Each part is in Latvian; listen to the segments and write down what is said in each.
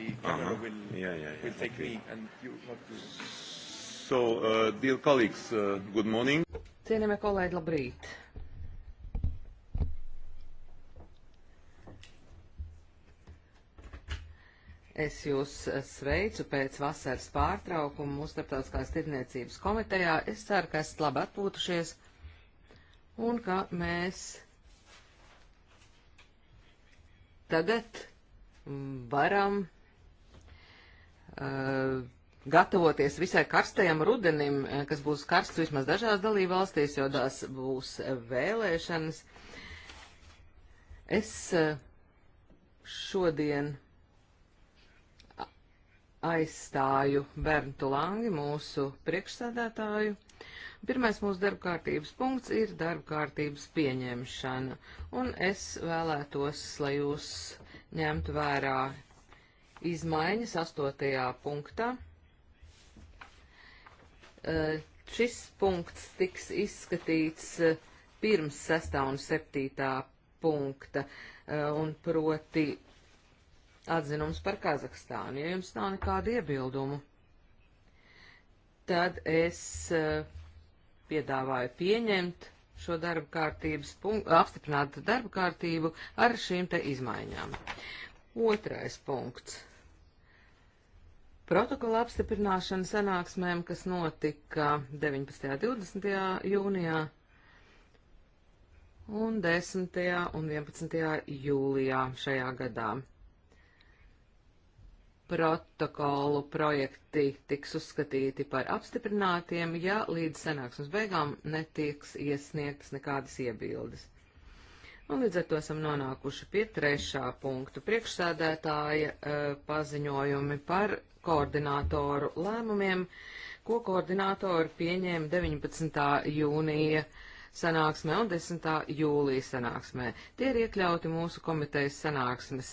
the camera uh -huh. will, yeah, yeah, yeah. will take okay. me and you have to... So, uh, dear colleagues, uh, good morning. Cienījamie kolēģi, labrīt. Es jūs uh, sveicu pēc vasaras pārtraukuma mūsu starptautiskās tirniecības komitejā. Es ceru, ka esat labi atpūtušies un ka mēs tagad mm, varam Uh, gatavoties visai karstajam rudenim, uh, kas būs karsts vismaz dažās dalībvalstīs, jo tās būs vēlēšanas. Es uh, šodien aizstāju Berntu Langi, mūsu priekšsēdētāju. Pirmais mūsu darba kārtības punkts ir darba kārtības pieņemšana, un es vēlētos, lai jūs ņemtu vērā izmaiņas astotajā punktā. Uh, šis punkts tiks izskatīts uh, pirms sestā un septītā punkta, uh, un proti atzinums par Kazahstānu. Ja jums nav nekādu iebildumu, tad es piedāvāju pieņemt šo darba kārtības punktu, apstiprināt darba kārtību ar šīm te izmaiņām. Otrais punkts protokola apstiprināšana sanāksmēm, kas notika 19. un 20. jūnijā un 10. un 11. jūlijā šajā gadā. Protokolu projekti tiks uzskatīti par apstiprinātiem, ja līdz sanāksmes beigām netiks iesniegtas nekādas iebildes. Un līdz ar to esam nonākuši pie trešā punktu priekšsēdētāja e, paziņojumi par koordinātoru lēmumiem, ko koordinātori pieņēma 19. jūnija sanāksmē un 10. jūlija sanāksmē. Tie ir iekļauti mūsu komitejas sanāksmes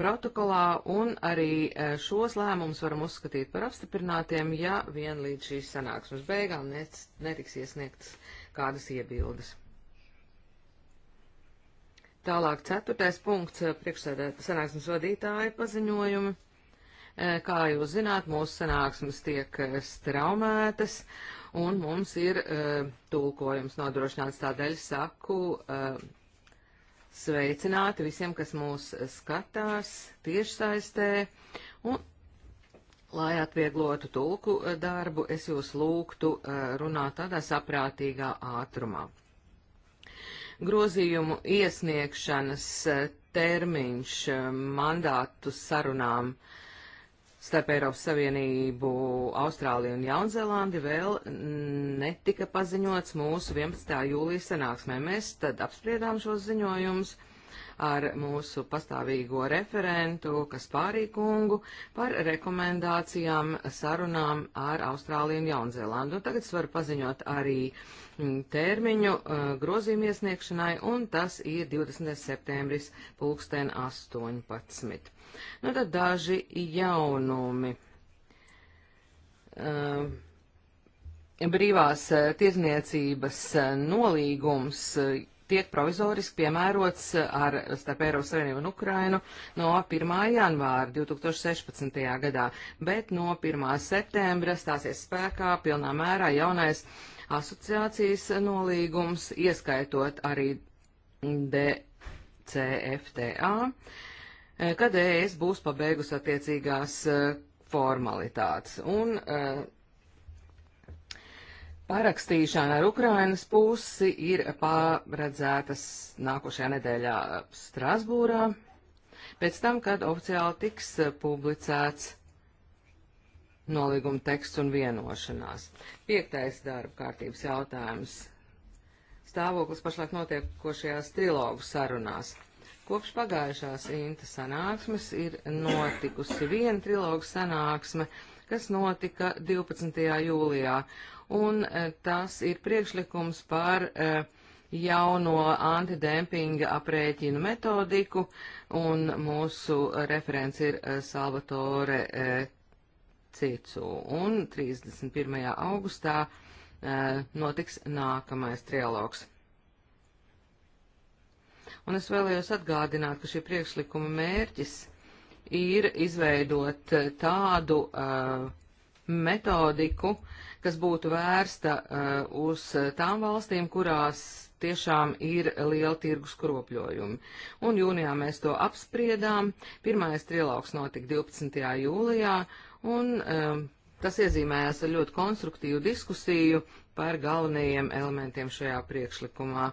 protokolā, un arī eh, šos lēmumus varam uzskatīt par apstiprinātiem, ja vien līdz šīs sanāksmes beigām netiks iesniegtas kādas iebildes. Tālāk ceturtais punkts eh, - priekšsēdētāja sanāksmes vadītāja paziņojumi. Eh, kā jūs zināt, mūsu sanāksmes tiek eh, straumētas un mums ir tulkojums nodrošināts tādēļ saku sveicināti visiem, kas mūs skatās tiešsaistē. Un, lai atvieglotu tulku darbu, es jūs lūgtu runāt tādā saprātīgā ātrumā grozījumu iesniegšanas eh, termiņš eh, mandātu sarunām starp Eiropas Savienību, Austrāliju un Jaunzēlandi vēl netika paziņots mūsu 11. jūlijas sanāksmē. Mēs tad apspriedām šos ziņojumus ar mūsu pastāvīgo referentu Kaspārī kungu par rekomendācijām sarunām ar Austrāliju un Jaunzēlandu. Tagad es varu paziņot arī mm, termiņu uh, grozījumu iesniegšanai, un tas ir 20. septembris pulksten 18. Nu tad daži jaunumi. Uh, brīvās uh, tiesniecības uh, nolīgums tiek provizoriski piemērots ar starp Eiropas Savienību un Ukrainu no 1. janvāra 2016. gadā, bet no 1. septembra stāsies spēkā pilnā mērā jaunais asociācijas nolīgums, ieskaitot arī DCFTA, kad ES būs pabeigus attiecīgās formalitātes. Un, uh, Parakstīšana ar Ukrainas pusi ir paredzētas nākošajā nedēļā Strasbūrā, pēc tam, kad oficiāli tiks publicēts nolīguma teksts un vienošanās. Piektais darba kārtības jautājums. Stāvoklis pašlaik notiekošajās trilogu sarunās. Kopš pagājušās Inta sanāksmes ir notikusi viena trilogu sanāksme, kas notika 12. jūlijā, un e, tas ir priekšlikums par e, jauno antidempinga aprēķinu metodiku, un mūsu referents ir e, Salvatore Cicu. Un 31. augustā notiks nākamais trialogs. Un es vēlējos atgādināt, ka šī priekšlikuma mērķis ir izveidot tādu uh, metodiku, uh, kas būtu vērsta uh, uz eh, tām valstīm, kurās tiešām ir liela tirgus kropļojumi. Un jūnijā mēs to apspriedām. Pirmais trilogs notika 12. jūlijā, un um, tas iezīmējās ar ļoti konstruktīvu diskusiju par galvenajiem elementiem šajā priekšlikumā.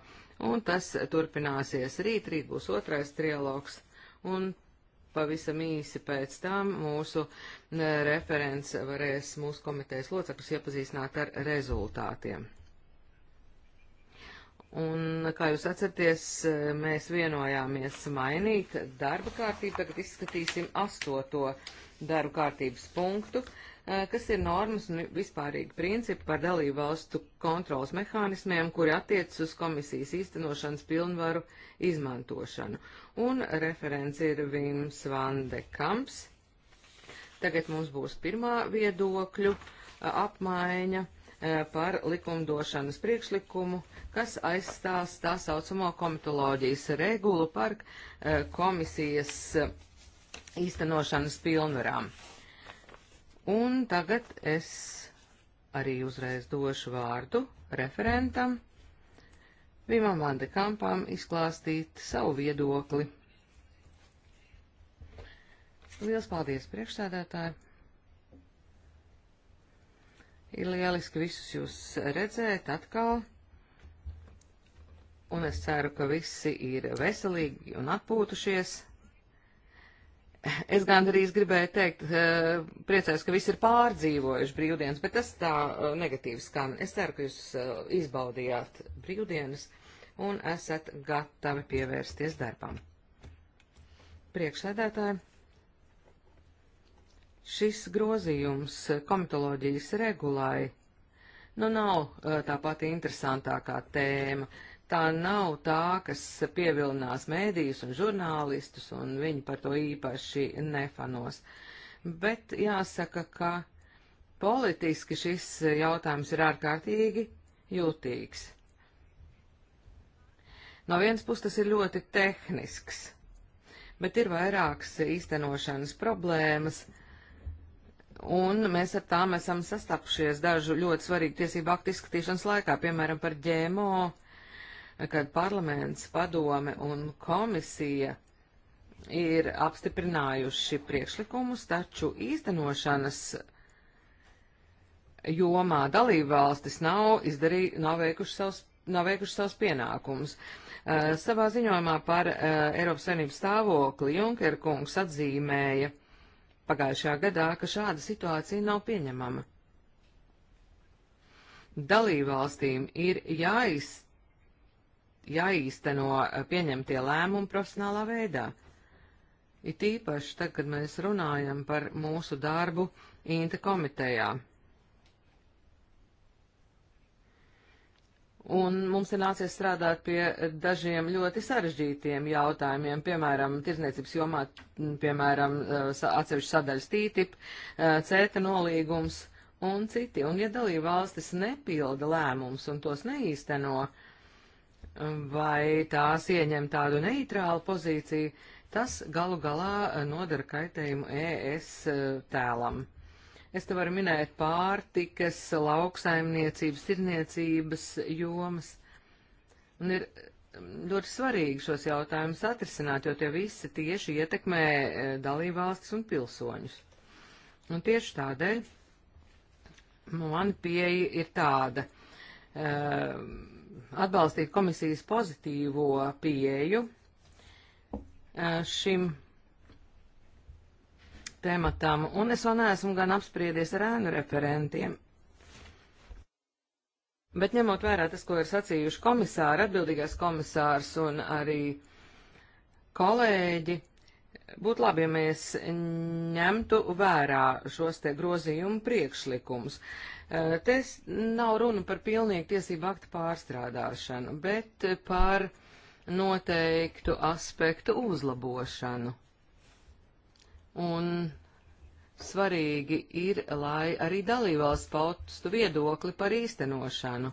Un tas turpināsies rīt, rīt būs otrais trilogs, un pavisam īsi pēc tam mūsu referents varēs mūsu komitejas locekļus iepazīstināt ar rezultātiem. Un, kā jūs atceraties, mēs vienojāmies mainīt darba kārtību. Tagad izskatīsim astoto darba kārtības punktu. Uh, Eh, kas ir normas un vispārīgi principi par dalību valstu kontrolas mehānismiem, kuri attiecas uz komisijas īstenošanas pilnvaru izmantošanu. Un referents ir Vims Vandekamps. Tagad mums būs pirmā viedokļu eh, apmaiņa eh, par likumdošanas priekšlikumu, kas aizstās tā saucamo komitoloģijas regulu par komisijas īstenošanas pilnvarām. Un tagad es arī uzreiz došu vārdu referentam Vimam Vandekampam izklāstīt savu viedokli. Liels paldies, priekšsēdētāji! Ir lieliski visus jūs redzēt atkal, un es ceru, ka visi ir veselīgi un atpūtušies. Es gandrīz gribēju teikt, eh, priecājos, ka visi ir pārdzīvojuši brīvdienas, bet tas tā eh, negatīvi skan. Es ceru, ka jūs eh, izbaudījāt brīvdienas un esat gatavi pievērsties darbam. Priekšsēdētāji, šis grozījums komitoloģijas regulai nu nav tā pati interesantākā tēma. Uh, tā nav tā, kas pievilinās mēdījus un žurnālistus, un viņi par to īpaši nefanos. Bet jāsaka, ka politiski šis jautājums ir ārkārtīgi jūtīgs. No vienas puses tas ir ļoti tehnisks, bet ir vairākas īstenošanas problēmas, un mēs ar tām esam sastapšies dažu ļoti svarīgu tiesību aktu izskatīšanas laikā, piemēram, par ģēmo, uh, kad parlaments, padome un komisija ir apstiprinājuši priekšlikumus, taču īstenošanas jomā dalībvalstis nav, izdarī, nav veikuši savus nav veikuši savus pienākumus. Uh, savā ziņojumā par uh, Eiropas Savienības stāvokli Junker kungs atzīmēja pagājušajā gadā, ka šāda situācija nav pieņemama. Dalībvalstīm ir jāizt jāīsteno eh, pieņemtie lēmumi profesionālā veidā. It īpaši tad, kad mēs runājam par mūsu darbu Inta komitejā. Un mums ir nācies strādāt pie dažiem ļoti sarežģītiem jautājumiem, piemēram, tirzniecības jomā, piemēram, eh, atsevišķi sadaļas TTIP, eh, CETA nolīgums un citi. Un ja dalība valstis nepilda lēmums un tos neīsteno, uh, vai tās ieņem tādu neitrālu pozīciju, tas galu galā nodara kaitējumu ES e, tēlam. Es te varu minēt pārtikas, lauksaimniecības, tirniecības jomas. Un ir ļoti svarīgi šos jautājumus atrisināt, jo tie visi tieši ietekmē e, dalībvalstis un pilsoņus. Un tieši tādēļ man pieeja ir tāda. Uh, atbalstīt komisijas pozitīvo pieeju šim tematam, un es vēl neesmu gan apspriedies ar ēnu referentiem. Bet ņemot vērā tas, ko ir sacījuši komisāri, atbildīgais komisārs un arī kolēģi, būtu labi, ja mēs ņemtu vērā šos te grozījumu priekšlikumus. Uh, Eh, te nav runa par pilnīgu tiesību aktu pārstrādāšanu, bet par noteiktu aspektu uzlabošanu. Un svarīgi ir, lai arī dalībvalsts paustu viedokli par īstenošanu.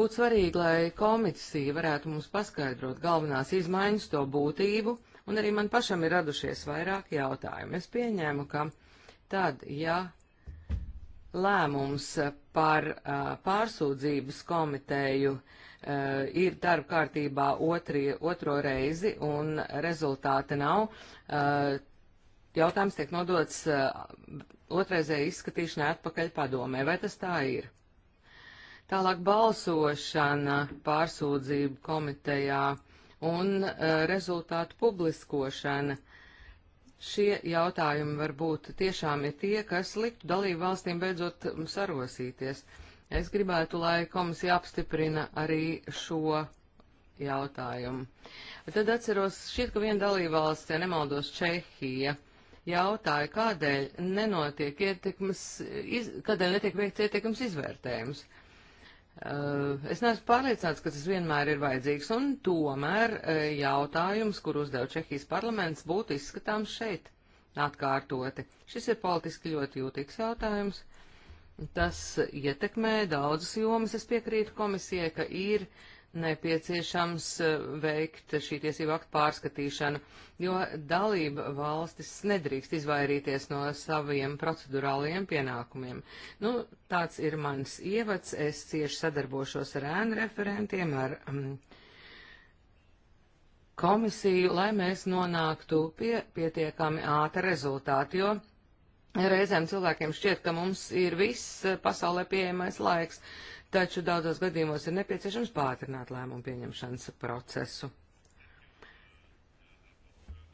Būtu svarīgi, lai komisija varētu mums paskaidrot galvenās izmaiņas, to būtību, un arī man pašam ir radušies vairāki jautājumi. Es pieņēmu, ka Tad, ja lēmums par uh, pārsūdzības komiteju uh, ir darba kārtībā otri, otro reizi un rezultāta nav, uh, jautājums tiek nodots otraizēji izskatīšanai atpakaļ padomē. Vai tas tā ir? Tālāk balsošana pārsūdzību komitejā un rezultātu publiskošana. Uh, Šie jautājumi varbūt tiešām ir tie, kas liktu dalību valstīm beidzot sarosīties. Es gribētu, lai komisija apstiprina arī šo jautājumu. Tad atceros, šķiet, ka viena dalībvalsts, ja nemaldos, Čehija, jautāja, kādēļ nenotiek ietekmes, iz, kādēļ netiek veikts ietekmes izvērtējums. Uh, Eh, es neesmu pārliecināts, ka tas vienmēr ir vajadzīgs, un tomēr eh, jautājums, kur uzdev Čehijas parlaments, būtu izskatāms šeit atkārtoti. Šis ir politiski ļoti jūtīgs jautājums. Tas ietekmē daudzas jomas. Es piekrītu komisijai, ka ir uh, nepieciešams eh, veikt šī tiesību aktu pārskatīšanu, jo dalība valstis nedrīkst izvairīties no saviem procedurālajiem pienākumiem. Nu, tāds ir mans ievads. Es cieši sadarbošos ar ēnu referentiem, ar um, komisiju, lai mēs nonāktu pie pietiekami ātra rezultāta, jo reizēm cilvēkiem šķiet, ka mums ir viss eh, pasaulē pieejamais laiks taču daudzos gadījumos ir nepieciešams pātrināt lēmumu pieņemšanas procesu.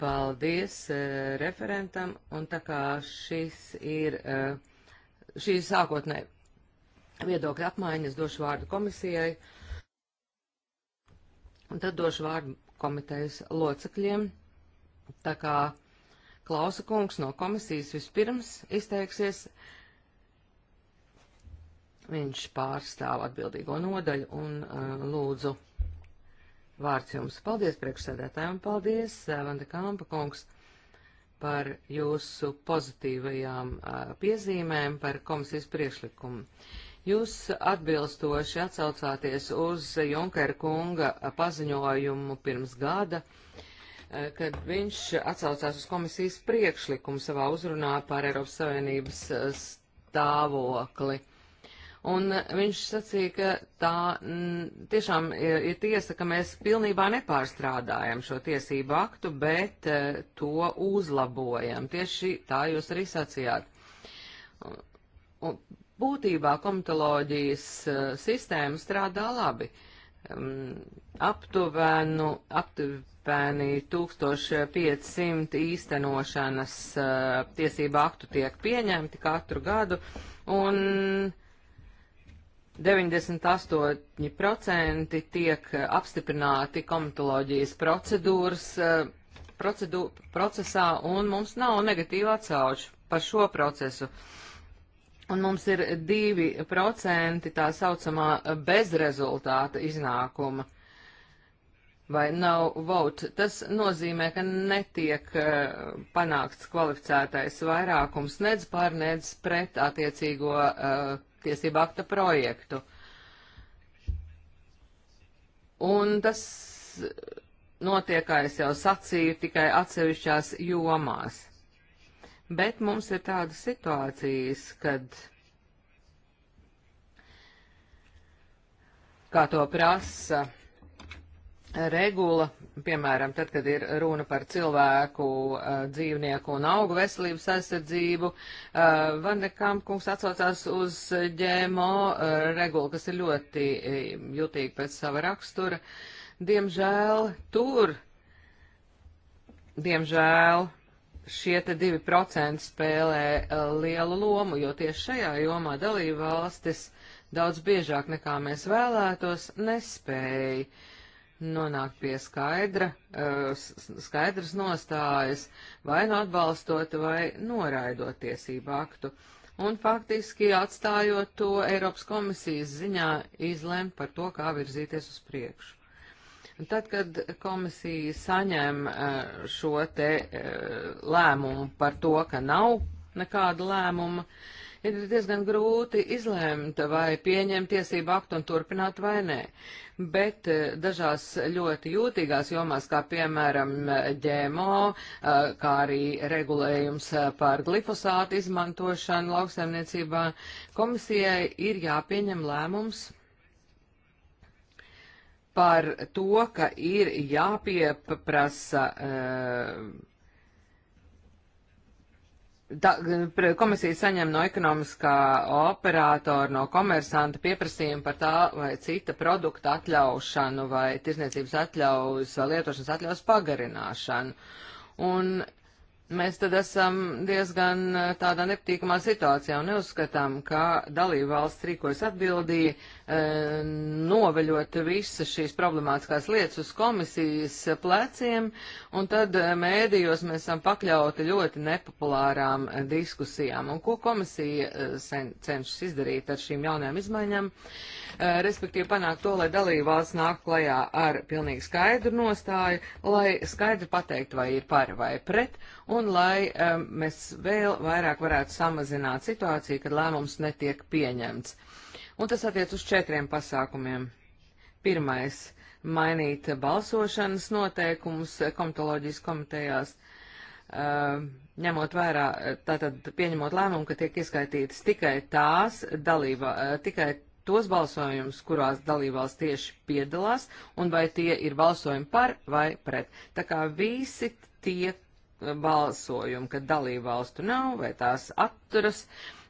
Paldies eh, referentam, un tā kā šis ir, eh, šī ir sākotnē viedokļa apmaiņas, došu vārdu komisijai, un tad došu vārdu komitejas locekļiem. Tā kā Klausa kungs no komisijas vispirms izteiksies, eh, Viņš pārstāv atbildīgo nodaļu un uh, lūdzu vārds jums. Paldies priekšsēdētājiem, paldies, uh, Vanda Kampa kungs, par jūsu pozitīvajām uh, piezīmēm par komisijas priekšlikumu. Jūs atbilstoši atsaucāties uz Junkera kunga paziņojumu pirms gada, uh, kad viņš atsaucās uz komisijas priekšlikumu savā uzrunā par Eiropas Savienības uh, stāvokli. Un viņš sacīja, ka tā m, tiešām ir, ir tiesa, ka mēs pilnībā nepārstrādājam šo tiesību aktu, bet e, to uzlabojam. Tieši tā jūs arī sacījāt. Un, un, būtībā komitoloģijas uh, sistēma strādā labi. Um, aptuvenu, aptuveni 1500 īstenošanas uh, tiesību aktu tiek pieņemti katru gadu, un 98% tiek apstiprināti komitoloģijas procedūras eh, procedū, procesā, un mums nav negatīva atsauču par šo procesu. Un mums ir 2% tā saucamā bezrezultāta iznākuma vai nav vote. Tas nozīmē, ka netiek uh, panākts kvalificētais vairākums nedz par, nedz pret attiecīgo uh, tiesību akta projektu. Un tas notiek, kā es jau sacīju, tikai atsevišķās jomās. Bet mums ir tādas situācijas, kad, kā to prasa regula, piemēram, tad, kad ir runa par cilvēku, eh, dzīvnieku un augu veselības aizsardzību, eh, Vandekam kungs atsaucās uz ģēmo eh, regulu, kas ir ļoti jutīgi pēc sava rakstura. Diemžēl tur, diemžēl, šie te divi procenti spēlē lielu lomu, jo tieši šajā jomā dalība valstis daudz biežāk nekā mēs vēlētos nespēja uh, nonākt pie skaidra, eh, skaidras nostājas, vai nu atbalstot, vai noraidot tiesību aktu, un faktiski atstājot to Eiropas komisijas ziņā izlemt par to, kā virzīties uz priekšu. Un tad, kad komisija saņem eh, šo te eh, lēmumu par to, ka nav nekāda lēmuma, uh, ir diezgan grūti izlēmt, vai pieņemt tiesību aktu un turpināt vai nē. Bet eh, dažās ļoti jūtīgās jomās, kā piemēram eh, ģēmo, eh, kā arī regulējums par glifosātu izmantošanu lauksaimniecībā, komisijai ir jāpieņem lēmums par to, ka ir jāpieprasa uh, Da, komisija saņem no ekonomiskā operātora, no komersanta pieprasījumu par tā vai cita produkta atļaušanu vai tirzniecības atļaujas vai lietošanas atļaujas pagarināšanu. Un mēs tad esam diezgan uh, tādā nepatīkamā situācijā un neuzskatām, ka dalība valsts rīkojas atbildīgi E, noveļot visas šīs problemātiskās lietas uz komisijas pleciem, un tad e, mēdījos mēs esam pakļauti ļoti nepopulārām e, diskusijām. Un ko komisija cenšas izdarīt ar šīm jaunajām izmaiņām, respektīvi panākt to, lai dalībvalsts nāk klajā ar pilnīgi skaidru nostāju, lai skaidri pateikt, vai ir par vai pret, un lai um, mēs vēl vairāk varētu samazināt situāciju, kad lēmums netiek pieņemts un tas attiec uz četriem pasākumiem. Pirmais - mainīt balsošanas noteikumus komitoloģijas komitejās, uh, ņemot vērā, tātad pieņemot lēmumu, ka tiek ieskaitītas tikai tās dalība, uh, tikai tos balsojumus, kurās dalībvalsts tieši piedalās, un vai tie ir balsojumi par vai pret. Tā kā visi tie balsojumi, kad dalībvalstu nav vai tās atturas,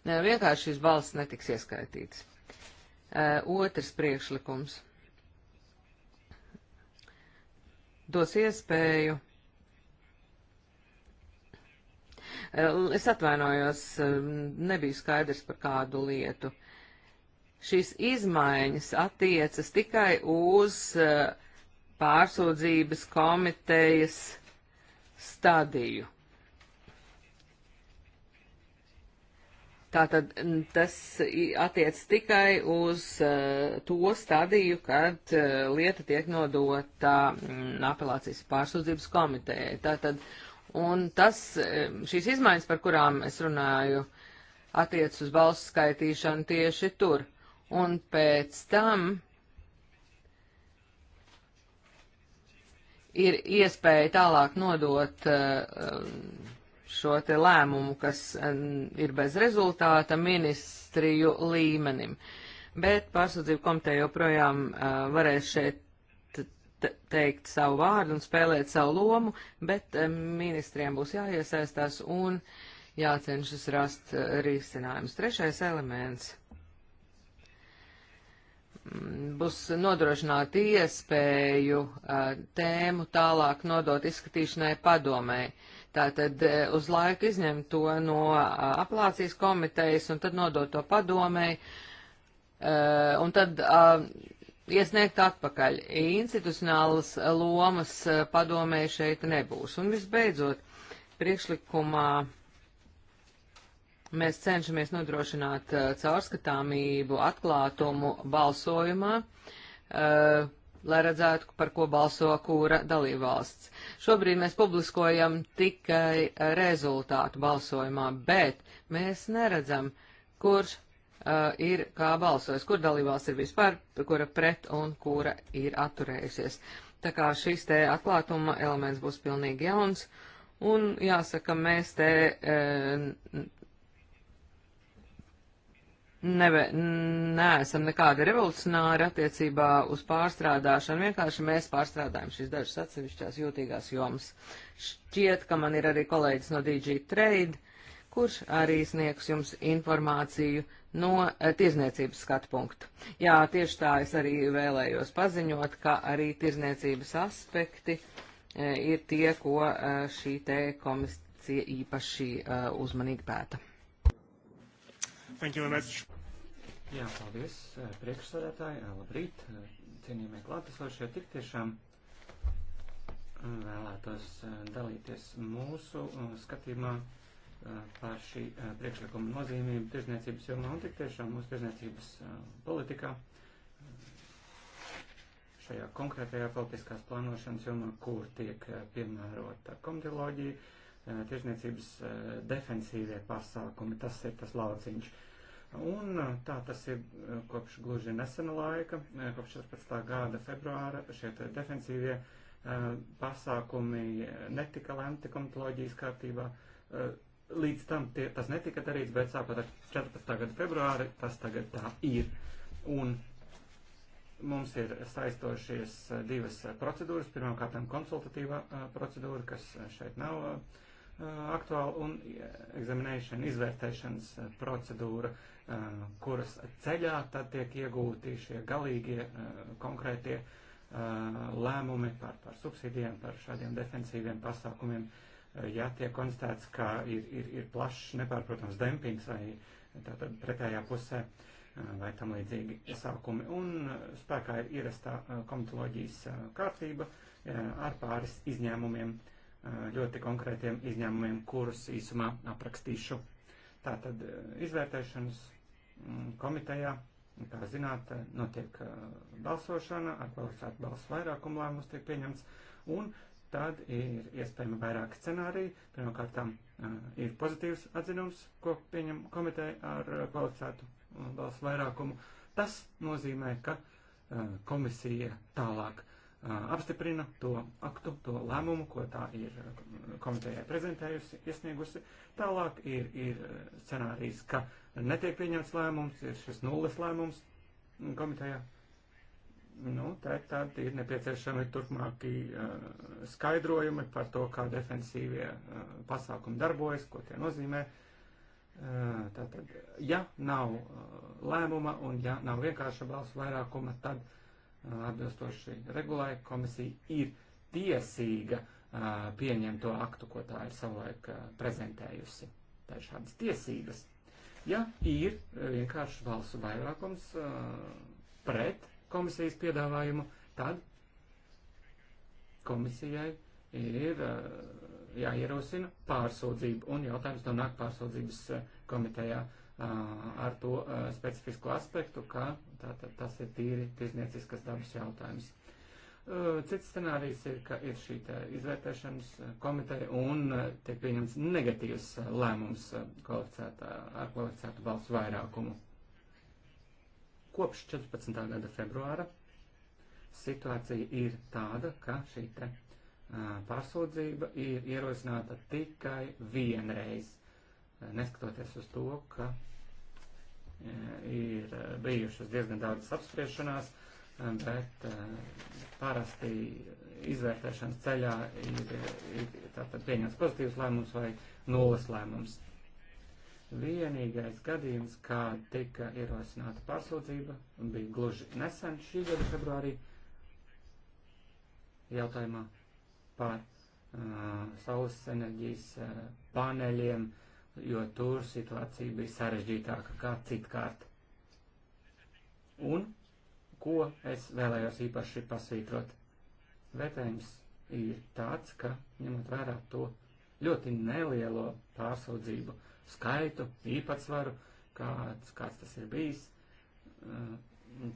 vienkārši šīs balsts netiks ieskaitītas. Eh, otrs priekšlikums dos iespēju. Eh, es atvainojos, eh, nebiju skaidrs par kādu lietu. Šīs izmaiņas attiecas tikai uz pārsūdzības komitejas stadiju. Tātad tas attiec tikai uz uh, to stadiju, kad uh, lieta tiek nodota um, apelācijas pārsūdzības komitejai. Tātad, un tas, e, šīs izmaiņas, par kurām es runāju, attiec uz balsu skaitīšanu tieši tur. Un pēc tam ir iespēja tālāk nodot uh, šo te lēmumu, kas ir bez rezultāta ministriju līmenim. Bet pārsūdzību komiteja joprojām uh, varēs šeit teikt savu vārdu un spēlēt savu lomu, bet ministriem būs jāiesaistās un jācenšas rast eh, risinājumus. Trešais elements mm, būs nodrošināt iespēju eh, tēmu tālāk nodot izskatīšanai padomēji. Tātad e, uz laiku izņemt to no apelācijas komitejas un tad nodot to padomēji e, un tad iesniegt atpakaļ. Institucionālas lomas e, padomēji šeit nebūs. Un visbeidzot, priekšlikumā mēs cenšamies nodrošināt caurskatāmību, atklātumu balsojumā, lai redzētu, par ko balso kura dalībvalsts. Šobrīd mēs publiskojam tikai rezultātu balsojumā, bet mēs neredzam, kurš uh, ir kā balsojis, kur dalībās ir vispār, kura pret un kura ir atturējusies. Tā kā šis te atklātuma elements būs pilnīgi jauns, un jāsaka, mēs te. Uh, neve, neesam nekādi revolucionāri attiecībā uz pārstrādāšanu, vienkārši mēs pārstrādājam šīs dažas atsevišķās jūtīgās jomas. Šķiet, ka man ir arī kolēģis no DG Trade, kurš arī sniegs jums informāciju no eh, tirzniecības skatu punktu. Jā, tieši tā es arī vēlējos paziņot, ka arī tirzniecības aspekti e, ir tie, ko e, šī te komisija īpaši e, uzmanīgi pēta. Thank you very much. Jā, paldies eh, priekšsādātāji, eh, labrīt, eh, cienījamie klātesošie, tik tiešām vēlētos dalīties mūsu skatījumā par šī priekšlikuma nozīmību tirzniecības jomā un tik tiešām mūsu tirzniecības politikā šajā konkrētajā politiskās plānošanas jomā, kur tiek piemērota komdioloģija, tirzniecības defensīvie pasākumi, tas ir tas lauciņš Un tā tas ir kopš gluži nesena laika, kopš 14. gada februāra šie defensīvie pasākumi netika lemti komitoloģijas kārtībā. Līdz tam tie, tas netika darīts, bet sākot ar 14. gada februāri tas tagad tā ir. Un mums ir saistošies divas procedūras. Pirmkārt, konsultatīvā procedūra, kas šeit nav. Uh, Uh, aktuāla un uh, eksaminēšana, izvērtēšanas uh, procedūra, kuras ceļā tad tiek iegūti šie galīgie konkrētie lēmumi par, par subsīdiem, par šādiem defensīviem pasākumiem. Ja tiek konstatēts, ka ir, ir, ir plašs, nepārprotams, dempings vai tātad pretējā pusē vai tam līdzīgi iesākumi, un spēkā ir ierastā komitoloģijas kārtība ar pāris izņēmumiem ļoti konkrētiem izņēmumiem, kurus īsumā aprakstīšu. Tātad izvērtēšanas komitejā, kā zināt, notiek balsošana, ar kvalificētu balsu vairākumu lēmums tiek pieņemts, un tad ir iespējami vairāki scenāriji. Pirmkārt, ir pozitīvs atzinums, ko pieņem komiteja ar kvalificētu balsu vairākumu. Tas nozīmē, ka komisija tālāk apstiprina to aktu, to lēmumu, ko tā ir komitejai prezentējusi, iesniegusi. Tālāk ir, ir scenārijs, ka netiek pieņemts lēmums, ir šis nulles lēmums komitejā. Nu, tā tad ir nepieciešami turpmāki uh, skaidrojumi par to, kā defensīvie uh, pasākumi darbojas, ko tie nozīmē. Uh, tātad, ja nav uh, lēmuma un ja nav vienkārša balsu vairākuma, tad uh, atbilstoši regulai komisija ir tiesīga pieņemt to aktu, ko tā ir savulaik prezentējusi. Tā ir šādas tiesības. Ja ir vienkārši valsu vairākums pret komisijas piedāvājumu, tad komisijai ir jāierosina pārsūdzība, un jautājums nonāk pārsūdzības komitejā. Uh, ar to specifisko aspektu, ka tātad tas ir tīri tirznieciskas dabas jautājums. Cits scenārijs ir, ka ir šī izvērtēšanas komiteja un tiek pieņems negatīvs lēmums ar kvalificētu balsu vairākumu. Kopš 14. gada februāra situācija ir tāda, ka šī te pārsūdzība ir ierosināta tikai vienreiz, neskatoties uz to, ka Eh, ir eh, bijušas diezgan daudzas apspriešanās, eh, bet parasti izvērtēšanas ceļā ir, ir tātad pieņems pozitīvs lēmums vai nulles lēmums. Vienīgais gadījums, kā tika ierosināta pārsūdzība, bija gluži nesen šī gada februārī jautājumā par uh, saules enerģijas uh, paneļiem uh, jo tur situācija bija sarežģītāka kā citkārt. Un ko es vēlējos īpaši pasvītrot? Vērtējums ir tāds, ka ņemot vērā to ļoti nelielo pārsūdzību skaitu, īpatsvaru, kāds, kāds tas ir bijis, eh,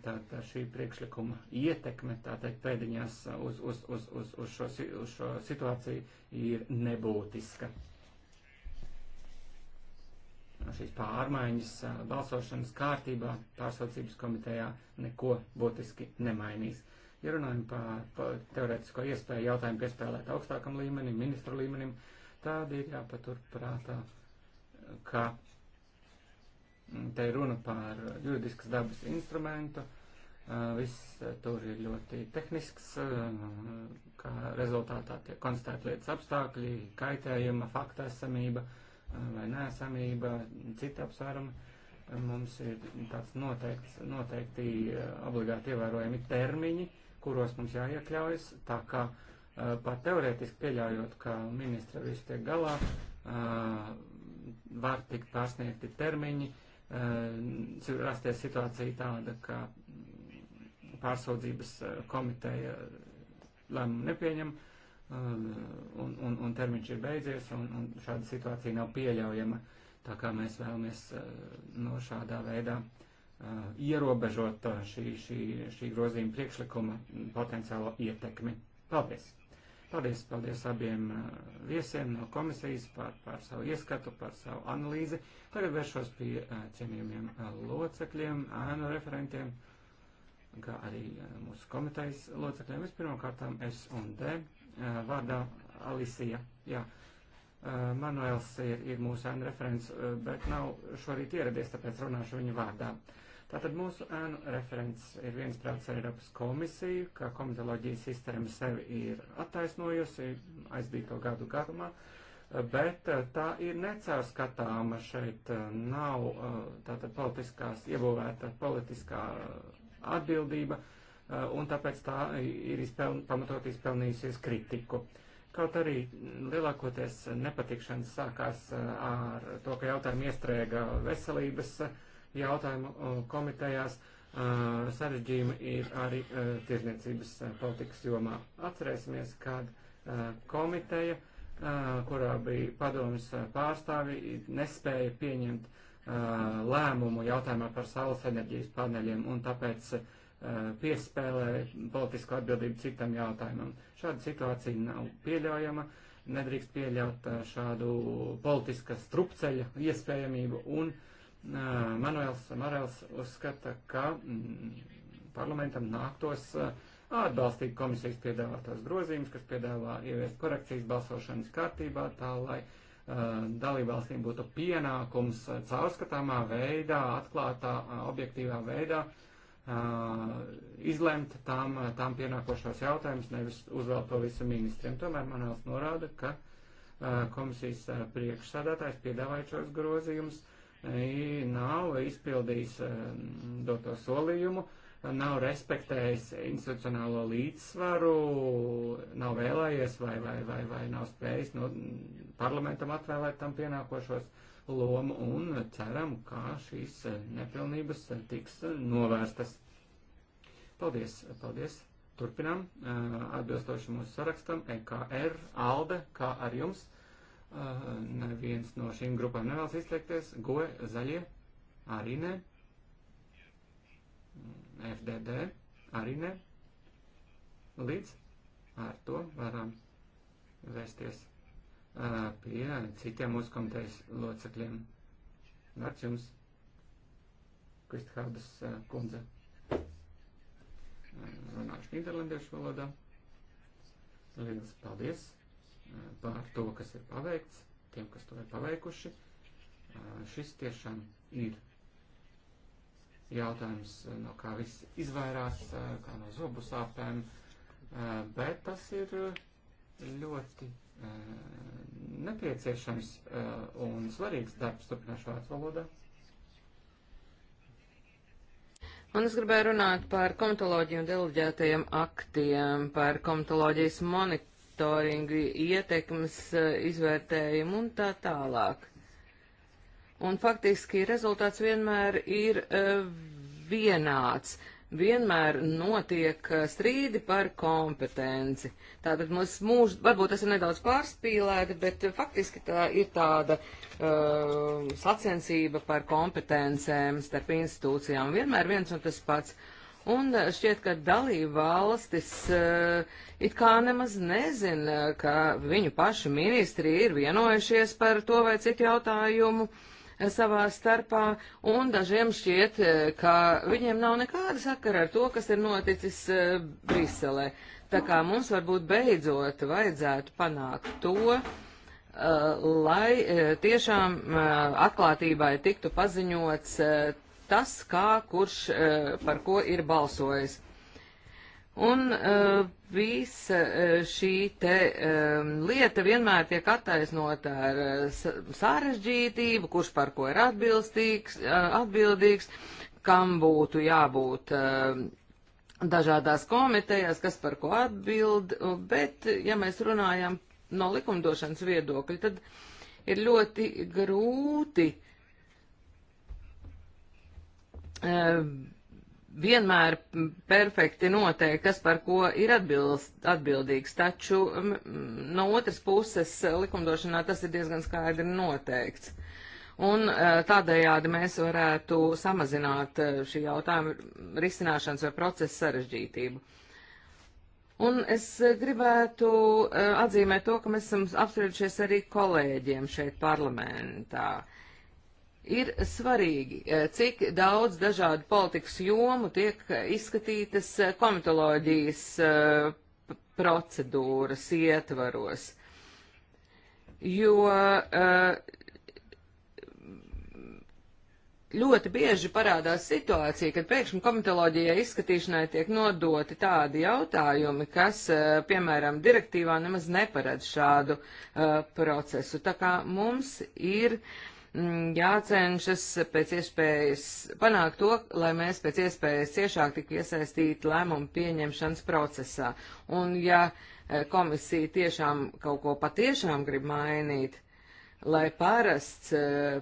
tā, tā šī priekšlikuma ietekme, tā teikt, pēdiņās uz, uz, uz, uz, uz, šo, uz šo situāciju ir nebūtiska šīs pārmaiņas balsošanas kārtībā pārsaucības komitejā neko būtiski nemainīs. Ja runājam par, par teorētisko iespēju jautājumu piespēlēt augstākam līmenim, ministru līmenim, tad ir jāpatur prātā, ka mm, te ir runa par juridiskas dabas instrumentu, viss tur ir ļoti tehnisks, nu, kā rezultātā tiek konstatēt lietas apstākļi, kaitējuma, fakta esamība vai nēsamība, cita apsvērumi. Mums ir tāds noteikts, noteikti eh, obligāti ievērojami termiņi, kuros mums jāiekļaujas, tā kā eh, pat teorētiski pieļaujot, ka ministra visu tiek galā, eh, var tikt pārsniegti termiņi, rasties situācija tāda, ka pārsūdzības komiteja lēmumu nepieņem, Um, un, un, un termiņš ir beidzies, un, un šāda situācija nav pieļaujama. Tā kā mēs vēlamies uh, no nu, šādā veidā uh, ierobežot uh, šī, šī, šī grozījuma priekšlikuma potenciālo ietekmi. Paldies! Paldies, paldies abiem viesiem no komisijas par, par savu ieskatu, par savu analīzi. Tagad vēršos pie cienījumiem locekļiem, ēnu referentiem, kā arī mūsu komitejas locekļiem. Vispirmkārtām S un D Eh, vada Alisija. Jā. Eh, Manuels ir, ir mūsu ēnu referents, eh, bet nav šorīt ieradies, tāpēc runāšu viņu vārdā. Tātad mūsu ēnu referents ir viensprāts ar Eiropas komisiju, ka komitoloģijas sistēma sevi ir attaisnojusi aizdīto gadu garumā, bet tā ir necārskatāma šeit nav tātad politiskās, iebūvēta politiskā atbildība Eh, un tāpēc tā ir izpeln, pamatot izpelnījusies kritiku. Kaut arī lielākoties nepatikšanas sākās eh, ar to, ka jautājumi iestrēga veselības eh, jautājumu komitejās, sarežģījumi ir arī tirzniecības politikas jomā. Atcerēsimies, kad komiteja, kurā bija padomas pārstāvi, nespēja pieņemt lēmumu jautājumā par saules enerģijas paneļiem, un tāpēc uh, Eh, piespēlē politisku atbildību citam jautājumam. Šāda situācija nav pieļaujama, nedrīkst pieļaut eh, šādu politiska strupceļa iespējamību, un eh, Manuels Marels uzskata, ka mm, parlamentam nāktos atbalstīt komisijas piedāvātos grozījumus, kas piedāvā ieviest korekcijas balsošanas kārtībā, tā lai dalībvalstīm būtu pienākums caurskatāmā veidā, atklātā, objektīvā veidā uh, izlemt tām, tām pienākošos jautājumus, nevis uzvēl to visu ministriem. Tomēr manās norāda, ka komisijas priekšsādātājs piedāvājot šos grozījumus nav izpildījis doto solījumu, nav respektējis institucionālo līdzsvaru, nav vēlējies vai, vai, vai, vai nav spējis no parlamentam atvēlēt tam pienākošos lomu un ceram, ka šīs nepilnības tiks novērstas. Paldies, paldies. Turpinām. Atbilstoši mūsu sarakstam, EKR, ALDE, kā ar jums. Neviens no šīm grupām nevēlas izteikties. GOE, zaļie, arī nē. FDD, arī nē. Līdz ar to varam vērsties pie citiem mūsu komitejas locekļiem. Vārds jums, Kristhārdas kundze. Runāšu Nīderlandiešu valodā. Liels paldies par to, kas ir paveikts, tiem, kas to ir paveikuši. Šis tiešām ir jautājums, no kā viss izvairās, kā no zobu sāpēm, bet tas ir ļoti Eh, nepieciešams eh, un svarīgs darbs turpināšu vācu valodā. Un es gribēju runāt par komitoloģiju un deleģētajiem aktiem, par komitoloģijas monitoringu, ietekmes eh, izvērtējumu un tā tālāk. Un faktiski rezultāts vienmēr ir uh, vienāds vienmēr notiek uh, strīdi par kompetenci. Tātad mums mūž, varbūt tas ir nedaudz pārspīlēti, bet uh, faktiski tā ir tāda uh, sacensība par kompetencēm starp institūcijām. Vienmēr viens un tas pats. Un uh, šķiet, ka dalība valstis uh, it kā nemaz nezina, ka viņu pašu ministri ir vienojušies par to vai citu jautājumu. Uh, savā starpā, un dažiem šķiet, eh, ka viņiem nav nekāda sakara ar to, kas ir noticis eh, Briselē. Tā kā mums varbūt beidzot vajadzētu panākt to, eh, lai tiešām atklātībai tiktu paziņots tas, kā kurš par ko ir balsojis. Un uh, visa eh, šī te um, lieta vienmēr tiek attaisnota ar sarežģītību, kurš par ko ir atbildīgs, atbildīgs kam būtu jābūt uh, dažādās komitejās, kas par ko atbild, bet, ja mēs runājam no likumdošanas viedokļa, tad ir ļoti grūti uh, vienmēr perfekti noteikti, kas par ko ir atbilst, atbildīgs, taču no otras puses likumdošanā tas ir diezgan skaidri noteikts. Un e, tādējādi mēs varētu samazināt e, šī jautājuma risināšanas vai procesa sarežģītību. Un es gribētu e, atzīmēt to, ka mēs esam apspriedušies arī kolēģiem šeit parlamentā. Uh, Ir svarīgi, eh, cik daudz dažādu politikas jomu tiek izskatītas eh, komitoloģijas eh, procedūras ietvaros, jo ļoti bieži parādās situācija, kad pēkšņi komitoloģijai izskatīšanai tiek nodoti tādi jautājumi, kas, piemēram, direktīvā nemaz neparedz šādu procesu. Tā kā mums ir uh, Mm, jācenšas pēc iespējas panākt to, lai mēs pēc iespējas ciešāk tik iesaistītu lēmumu pieņemšanas procesā. Un ja eh, komisija tiešām kaut ko patiešām grib mainīt, lai parasts eh,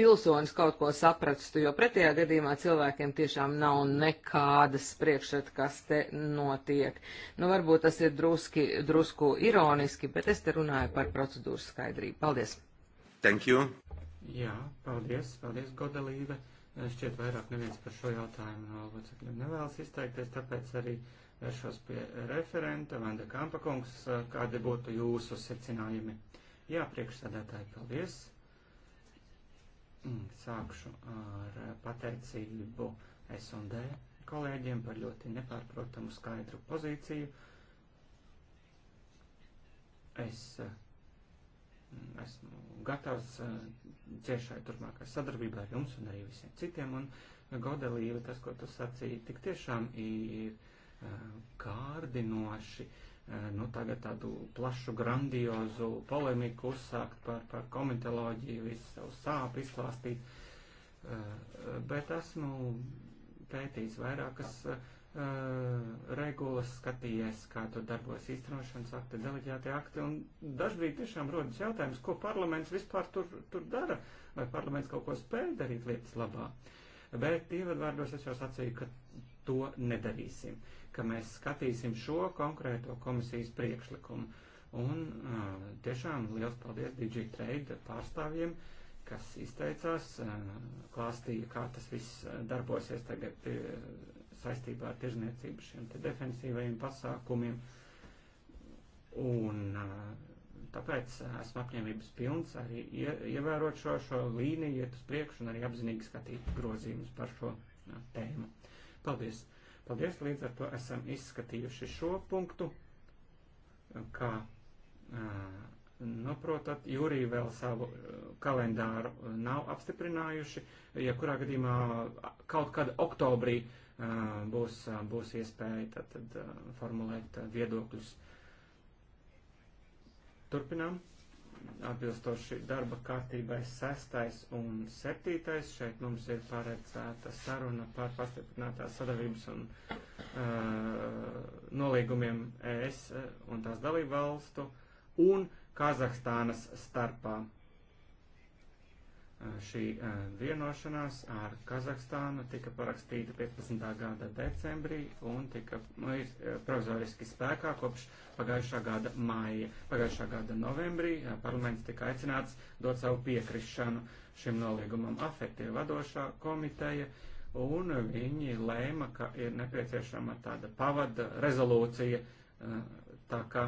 pilsonis kaut ko saprastu, jo pretējā gadījumā cilvēkiem tiešām nav nekādas priekšrata, kas te notiek. Nu, varbūt tas ir druski, drusku ironiski, bet es te runāju par procedūras skaidrību. Paldies! Thank you. Jā, paldies, paldies, Godalība. Šķiet vairāk neviens par šo jautājumu no locekļiem nevēlas izteikties, tāpēc arī vēršos pie referenta Vanda Kampakungs, eh, kādi būtu jūsu secinājumi. Jā, priekšsēdētāji, paldies. Mm, sākšu ar pateicību S&D kolēģiem par ļoti nepārprotamu skaidru pozīciju. Es eh, mm, esmu gatavs eh, ciešai turpmākai sadarbībai ar jums un arī visiem citiem. Un nu, godelīvi tas, ko tu sacīji, tik tiešām ir kārdinoši. Nu, tagad tādu plašu, grandiozu polemiku uzsākt par, par komentoloģiju, visu savu sāpju izklāstīt. Bet esmu pētījis vairākas. Nu, Eh, regulas, skatījies, kā tur darbojas īstenošanas akti, deleģētie akti, un dažbrīd tiešām rodas jautājums, ko parlaments vispār tur, tur dara, vai parlaments kaut ko spēj darīt lietas labā. Bet ievadvārdos es jau sacīju, ka to nedarīsim, ka mēs skatīsim šo konkrēto komisijas priekšlikumu. Un uh, tiešām liels paldies DG Trade pārstāvjiem, kas izteicās, uh, klāstīja, kā tas viss darbosies tagad. Uh, saistībā ar tirzniecību šiem te defensīvajiem pasākumiem. Un eh, tāpēc eh, esmu apņēmības pilns arī ievērot šo, šo līniju, iet uz priekšu un arī apzinīgi skatīt grozījumus par šo eh, tēmu. Paldies! Paldies! Līdz ar to esam izskatījuši šo punktu, kā Noprotat, nu, jūrija vēl savu kalendāru nav apstiprinājuši, ja kurā gadījumā kaut kad oktobrī uh, būs, būs iespēja tad, tad, formulēt viedokļus. Turpinām. Atbilstoši darba kārtībai sestais un septītais. Šeit mums ir paredzēta saruna par pastiprinātās sadarbības un uh, nolīgumiem ES un tās dalību valstu un Kazahstānas starpā. Eh, šī eh, vienošanās ar Kazahstānu tika parakstīta 15. gada decembrī un tika nu, ir eh, provizoriski spēkā kopš pagājušā gada maija. Pagājušā gada novembrī parlaments tika aicināts dot savu piekrišanu šim nolīgumam. Afet ir vadošā komiteja un viņi lēma, ka ir nepieciešama tāda pavada rezolūcija, tā kā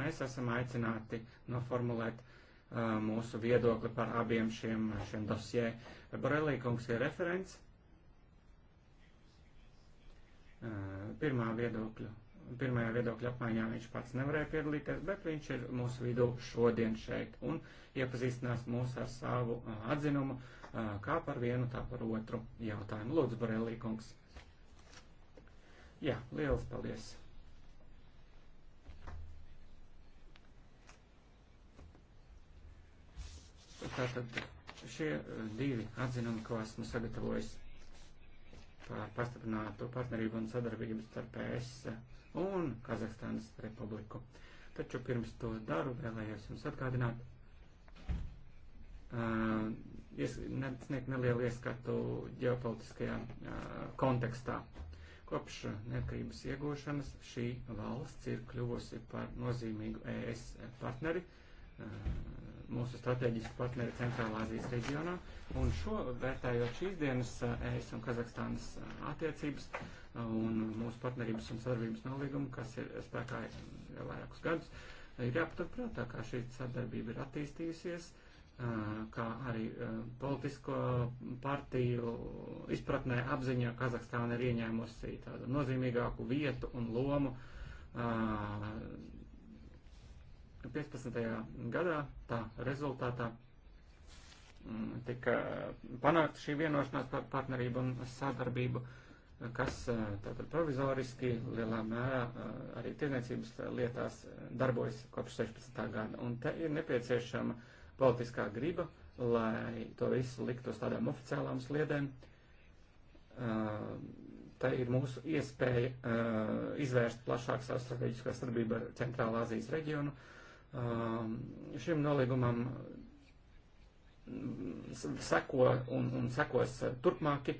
mēs esam aicināti noformulēt mūsu viedokli par abiem šiem, šiem dosjē. Borelī kungs ir referents. Pirmā viedokļa, pirmajā viedokļa apmaiņā viņš pats nevarēja piedalīties, bet viņš ir mūsu vidū šodien šeit un iepazīstinās mūs ar savu atzinumu, kā par vienu, tā par otru jautājumu. Lūdzu, Borelī kungs. Jā, liels paldies! Tātad šie e, divi atzinumi, ko esmu sagatavojis par pastiprinātu partnerību un sadarbību starp ES un Kazahstānas republiku. Taču pirms to daru vēlējos jums atgādināt, uh, sniegt nelielu ieskatu ģeopolitiskajā uh, kontekstā. Kopš neatkarības iegūšanas šī valsts ir kļuvusi par nozīmīgu ES partneri. Uh, mūsu strateģisku partneri Centrālāzijas reģionā. Un šo vērtējot šīs dienas eh, ES un Kazahstānas eh, attiecības eh, un mūsu partnerības un sadarbības nolīgumu, kas ir spēkā jau vairākus gadus, ir jāpaturprātā, kā šī sadarbība ir attīstījusies, kā arī politisko partiju izpratnē apziņā Kazahstāna ir ieņēmusi tādu nozīmīgāku vietu un lomu 15. gadā tā rezultātā mm, tika mm, panākta šī vienošanās par partnerību un sadarbību, kas mm, tātad provizoriski lielā mērā arī tirniecības lietās darbojas kopš 16. gada. Un te ir nepieciešama politiskā griba, lai to visu liktu uz tādām oficiālām sliedēm. Tā ir mūsu iespēja izvērst plašāk savu strateģisko starpību ar Centrālā Azijas reģionu. Uh, Um, šim nolīgumam seko un, un sekos turpmāki.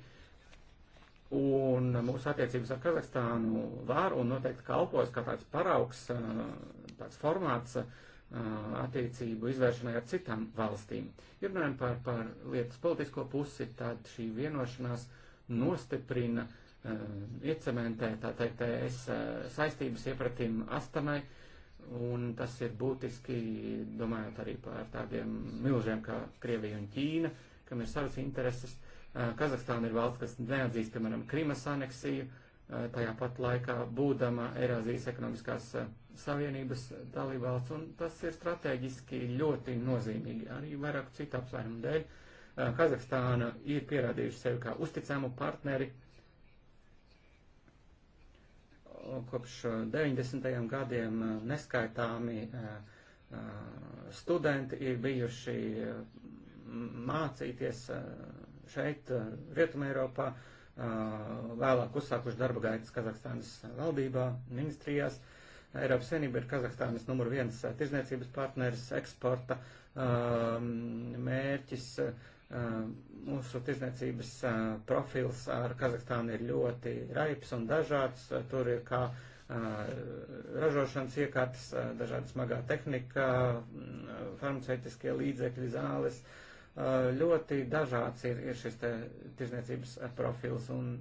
Un mūsu attiecības ar Kazahstānu var un noteikti kalpos kā tāds paraugs, uh, tāds formāts uh, attiecību izvēršanai ar citām valstīm. Ja runājam par, par lietas politisko pusi, tad šī vienošanās nostiprina, uh, iecementē, tā teikt, es saistības iepratīm Astanai, uh, Un tas ir būtiski, domājot arī par tādiem milžiem kā Krievija un Ķīna, kam ir savas intereses. Eh, Kazahstāna ir valsts, kas neatzīst, piemēram, Krimas aneksiju, eh, tajā pat laikā būdama Eirāzijas ekonomiskās eh, savienības dalībvalsts, un tas ir strateģiski ļoti nozīmīgi arī vairāk citu apsvērumu dēļ. Kazahstāna ir pierādījusi sevi kā uzticamu partneri uh, kopš 90. Uh, gadiem uh, neskaitāmi uh, studenti ir bijuši mācīties šeit, Rietumē Eiropā, vēlāk uzsākuši darba gaitas Kazahstānas valdībā, ministrijās. Eiropas Savienība ir Kazahstānas numur viens tirzniecības partneris, eksporta um, mērķis mūsu tirdzniecības profils ar Kazahstānu ir ļoti raips un dažāds. Tur ir kā ražošanas iekārtas, dažāda smagā tehnika, farmaceitiskie līdzekļi, zāles. Ļoti dažāds ir, ir šis tirzniecības profils un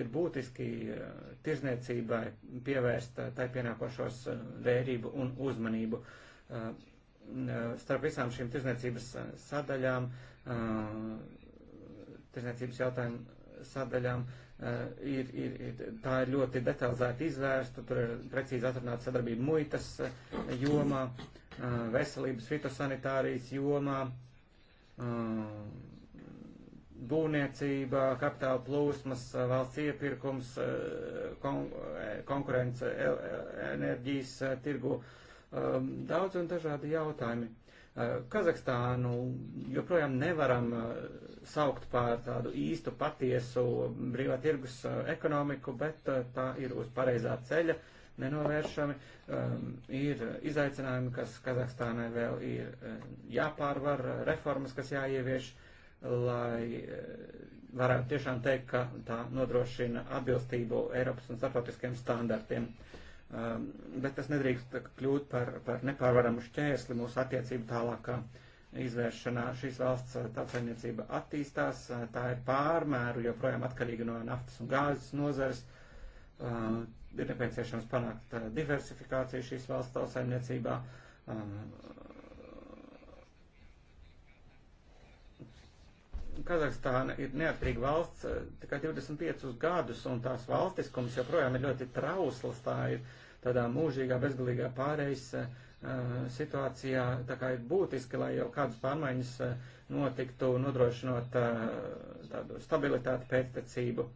ir būtiski tirzniecībai pievērst tai pienākošos vērību un uzmanību. Starp visām šīm tirzniecības sadaļām uh, tirzniecības jautājumu sadaļām. Ir, ir, ir, tā ir ļoti detalizēti izvērsta, tur ir precīzi atrunāta sadarbība muitas jomā, veselības fitosanitārijas jomā, būvniecība, kapitāla plūsmas, valsts iepirkums, kon konkurence e, e, enerģijas tirgu, daudz un dažādi jautājumi Eh, Kazahstānu joprojām nevaram eh, saukt par tādu īstu, patiesu brīvā tirgus eh, ekonomiku, bet tā ir uz pareizā ceļa nenovēršami. Ehm, ir izaicinājumi, kas Kazahstānai vēl ir jāpārvar, reformas, kas jāievieš, lai varētu tiešām teikt, ka tā nodrošina atbilstību Eiropas un starptautiskiem standartiem. Uh, Um, bet tas nedrīkst kļūt par, par nepārvaramu šķērsli mūsu attiecību tālākā izvēršanā. Šīs valsts uh, tautsaimniecība attīstās, uh, tā ir pārmēru joprojām atkarīga no naftas un gāzes nozares. Uh, ir nepieciešams panākt diversifikāciju šīs valsts tautsaimniecībā um, Kazahstāna ir neatkarīga valsts eh, tikai 25 gadus, un tās valstiskums joprojām ir ļoti trausls. Tā ir tādā mūžīgā, bezgalīgā pārejas uh, situācijā. Tā kā ir būtiski, lai jau kādas pārmaiņas uh, notiktu, nodrošinot uh, tādu stabilitāti, pēctecību,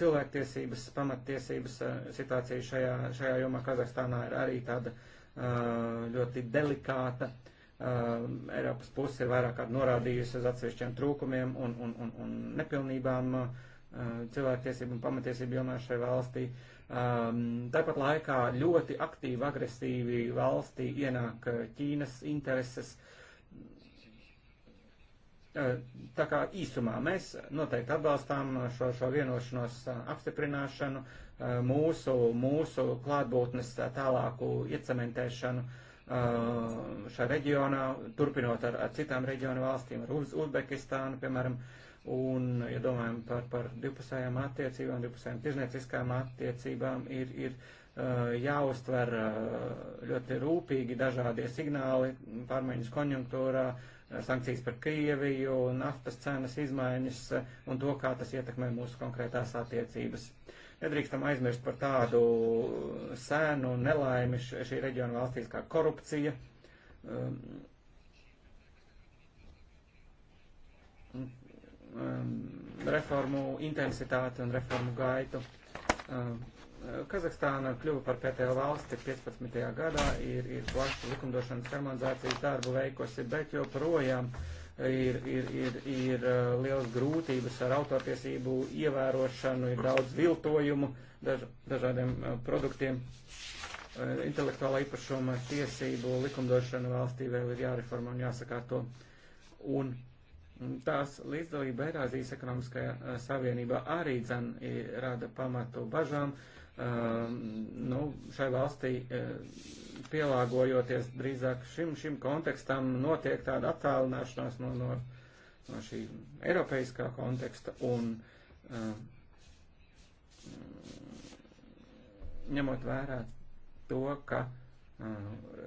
cilvēktiesības, pamattiesības. Situācija šajā, šajā jomā Kazahstānā ir arī tāda ļoti delikāta. Uh, Eiropas puse ir vairāk kādā norādījusi uz atsevišķiem trūkumiem un, un, un, un nepilnībām cilvēktiesību un pamatiesību jomā šai valstī. Tāpat laikā ļoti aktīvi, agresīvi valstī ienāk Ķīnas intereses. Tā kā īsumā mēs noteikti atbalstām šo, šo vienošanos apstiprināšanu, mūsu, mūsu klātbūtnes tālāku iecementēšanu uh, Uh, šā reģionā, turpinot ar, ar citām reģionu valstīm, ar Uz Uzbekistānu, piemēram, un, ja domājam par, par divpusējām attiecībām, divpusējām tirzniecīskām attiecībām, ir, ir uh, jāuztver uh, ļoti rūpīgi dažādie signāli, pārmaiņas konjunktūrā, sankcijas par Krieviju, naftas cenas izmaiņas un to, kā tas ietekmē mūsu konkrētās attiecības. Uh, Nedrīkstam aizmirst par tādu sēnu nelaimi šī reģiona valstīs kā korupcija. Um, um, reformu intensitāti un reformu gaitu. Um, Kazahstāna kļuva par PTO valsti 15. gadā, ir, ir plaša likumdošanas harmonizācijas darbu veikusi, bet joprojām uh, ir, ir, ir, ir uh, liels grūtības ar autortiesību ievērošanu, ir daudz viltojumu daž, dažādiem uh, produktiem. Uh, intelektuālā īpašuma tiesību likumdošana valstī vēl ir jāreformē un jāsakārto. Un tās līdzdalība Eirāzijas ekonomiskajā savienībā arī dzen rada pamatu bažām. Uh, Ehm, nu, šai valstī ehm, pielāgojoties drīzāk šim, šim kontekstam, notiek tāda attālināšanās no, no, no šī eiropeiskā konteksta un ehm, ņemot vērā to, ka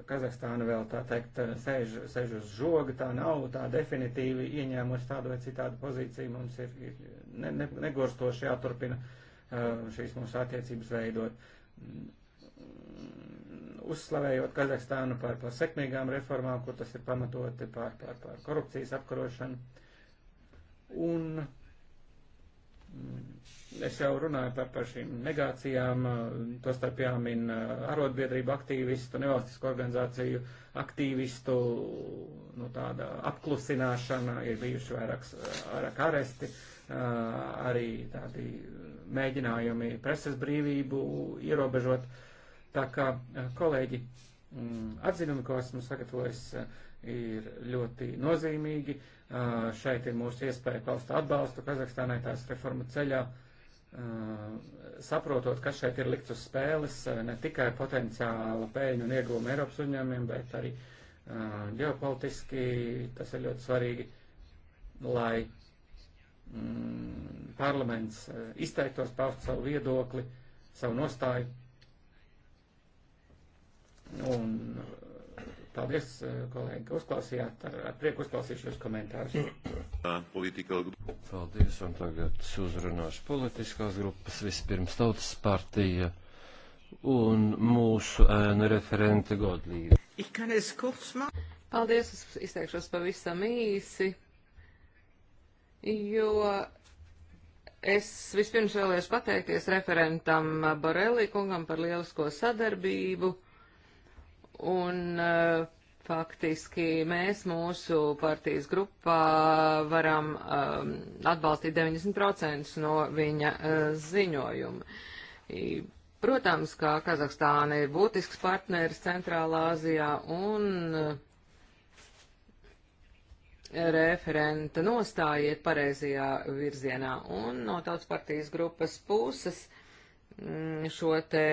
Kazahstāna vēl tā teikt sēž, sēž uz žoga, tā nav tā definitīvi ieņēmusi tādu vai citādu pozīciju, mums ir, ir ne, ne, negurstoši jāturpina uh, Um, šīs mūsu attiecības veidot. Uzslavējot Kazahstānu par, par sekmīgām reformām, kur tas ir pamatoti par, par, par korupcijas apkarošanu. Un mm, Es jau runāju par, par šīm negācijām, uh, to starp jāmin uh, arotbiedrību aktīvistu, nevalstisku organizāciju aktīvistu, nu tāda apklusināšana, ir bijuši vairāks, uh, vairāk aresti, arī tādi mēģinājumi preses brīvību ierobežot. Tā kā eh, kolēģi mm, atzinumi, ko esmu sagatavojis, eh, ir ļoti nozīmīgi. Eh, šeit ir mūsu iespēja paust atbalstu Kazahstānai tās reformu ceļā, saprotot, kas šeit ir likts uz spēles, ne tikai potenciāla pēļņu un ieguvuma Eiropas uzņēmumiem, bet arī ģeopolitiski tas ir ļoti svarīgi, lai mm, parlaments eh, izteiktos, paust savu viedokli, savu nostāju. Un eh, paldies, eh, kolēģi, uzklausījāt. Ar, ar prieku uzklausīšu jūs komentārus. Paldies, un tagad uzrunāšu politiskās grupas vispirms tautas partija un mūsu ēna referente Godlīga. Paldies, es izteikšos pavisam īsi jo es vispirms vēlēšu pateikties referentam Borelī kungam par lielisko sadarbību un uh, faktiski mēs mūsu partijas grupā varam um, atbalstīt 90% no viņa uh, ziņojuma. Protams, kā Kazahstāna ir būtisks partneris Centrālā Azijā un uh, referenta nostājiet pareizajā virzienā. Un no tautas partijas grupas puses mm, šo te,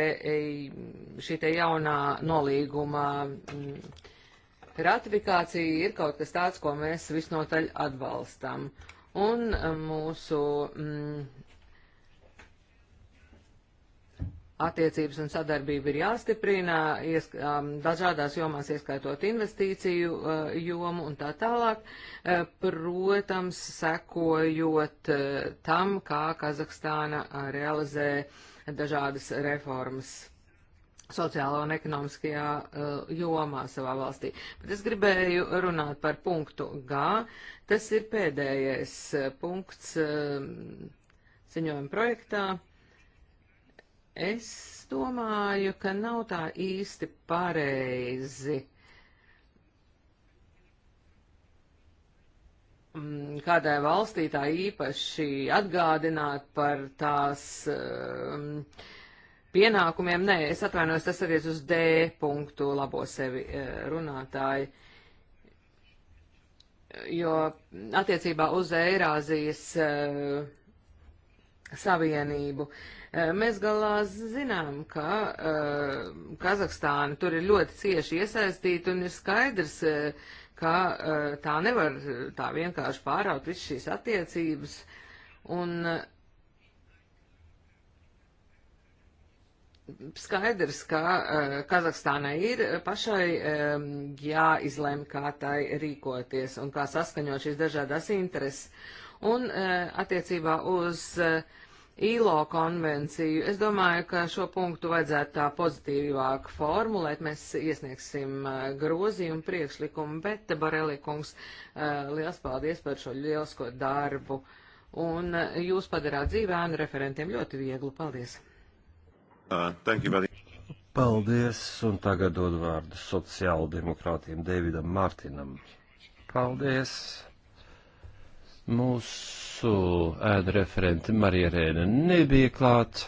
šī te jaunā nolīguma mm, ratifikācija ir kaut kas tāds, ko mēs visnotaļ atbalstam. Un mm, mūsu mm, Attiecības un sadarbība ir jāstiprina iesk, um, dažādās jomās, ieskaitot investīciju uh, jomu un tā tālāk, uh, protams, sekojot uh, tam, kā Kazahstāna uh, realizē dažādas reformas sociālā un ekonomiskajā uh, jomā savā valstī. Bet es gribēju runāt par punktu G. Tas ir pēdējais uh, punkts uh, ziņojuma projektā. Es domāju, ka nav tā īsti pareizi. Mm, kādai valstī tā īpaši atgādināt par tās um, pienākumiem, nē, es atvainojos, tas arī uz D punktu labo sevi e, runātāji. Uh, jo attiecībā uz Eirāzijas uh, savienību Eh, mēs galā zinām, ka uh, Kazahstāna tur ir ļoti cieši iesaistīta un ir skaidrs, eh, ka uh, tā nevar tā vienkārši pāraut visu šīs attiecības. Un uh, skaidrs, ka uh, Kazahstānai ir pašai um, jāizlem, kā tai rīkoties un kā saskaņot šīs dažādas intereses. Un uh, attiecībā uz uh, ILO konvenciju. Es domāju, ka šo punktu vajadzētu tā pozitīvāk formulēt. Mēs iesniegsim grozījumu priekšlikumu, bet Barelī kungs, liels paldies par šo lielisko darbu. Un jūs padarāt dzīvē ēnu referentiem ļoti vieglu. Paldies! Uh, you, paldies, un tagad dod vārdu sociāldemokrātiem Davidam Mārtinam. Paldies! Mūsu ēna referente Marija Rēna nebija klāt,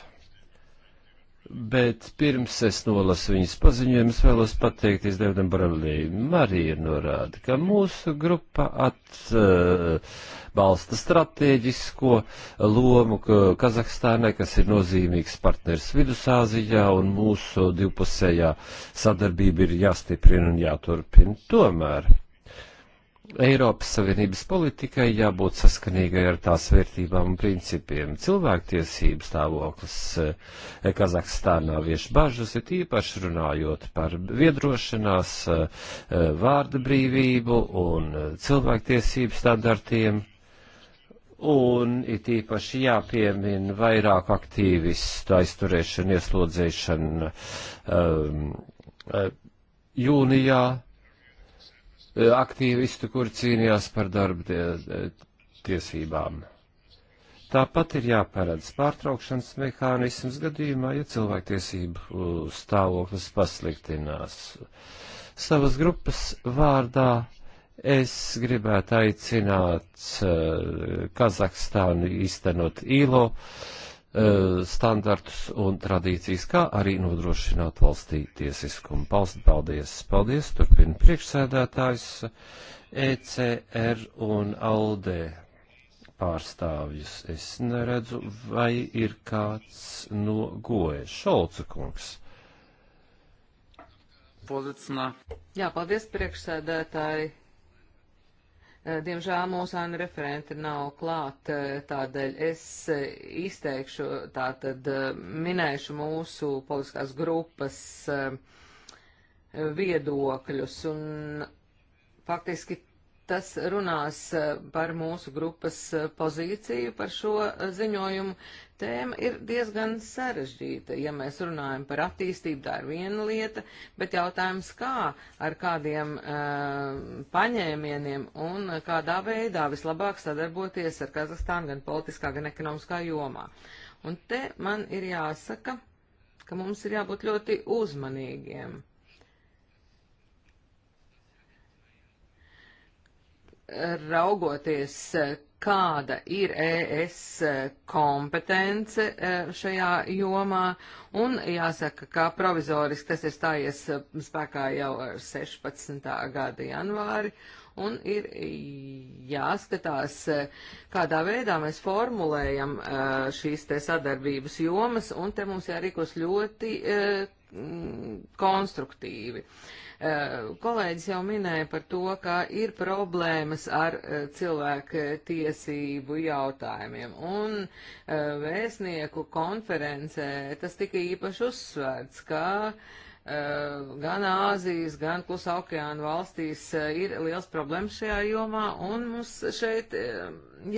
bet pirms es nolasu viņas paziņojumus, vēlos pateikties Devidam Bravlī. Marija norāda, ka mūsu grupa atbalsta uh, stratēģisko lomu ka Kazahstānai, kas ir nozīmīgs partners Vidusāzijā, un mūsu divpusējā sadarbība ir jāstiprina un jāturpina. Tomēr Eiropas Savienības politikai jābūt saskanīgai ar tās vērtībām un principiem. Cilvēktiesību stāvoklis eh, Kazahstānā vieš bažas, ir īpaši runājot par viedrošanās, eh, vārda brīvību un eh, cilvēktiesību standartiem. Un it īpaši jāpiemina vairāk aktīvistu aizturēšana, ieslodzēšana um, ehm, jūnijā aktīvistu, kuri cīnījās par darba tiesībām. Tāpat ir jāparedz pārtraukšanas mehānisms gadījumā, ja cilvēktiesību stāvoklis pasliktinās. Savas grupas vārdā es gribētu aicināt e, Kazahstānu īstenot īlo uh, Uh, standartus un tradīcijas, kā arī nodrošināt valstī tiesiskumu. Paldies, paldies, turpina priekšsēdētājs ECR un ALDE pārstāvjus. Es neredzu, vai ir kāds no goja. Šolca kungs. Policinā. Jā, paldies priekšsēdētāji. Eh, diemžēl mūsu ēna referenti nav klāt, eh, tādēļ es eh, izteikšu, tātad minēšu mūsu politiskās grupas viedokļus, un faktiski tas runās par mūsu grupas pozīciju par šo ziņojumu, Tēma ir diezgan sarežģīta. Ja mēs runājam par attīstību, tā ir viena lieta, bet jautājums kā, ar kādiem uh, paņēmieniem un kādā veidā vislabāk sadarboties ar Kazahstānu gan politiskā, gan ekonomiskā jomā. Un te man ir jāsaka, ka mums ir jābūt ļoti uzmanīgiem. Raugoties, kāda ir ES eh, kompetence eh, šajā jomā, un jāsaka, ka provizoriski tas ir stājies eh, spēkā jau ar 16. gada janvāri, un ir jāskatās, kādā veidā mēs formulējam šīs te sadarbības jomas, un te mums jārīkos ļoti konstruktīvi. Uh, Eh, kolēģis jau minēja par to, ka ir problēmas ar eh, cilvēku eh, tiesību jautājumiem, un vēstnieku konferencē tas tika īpaši uzsvērts, ka gan Āzijas, gan Klusa okeāna valstīs ir liels problēmas šajā jomā, un mums šeit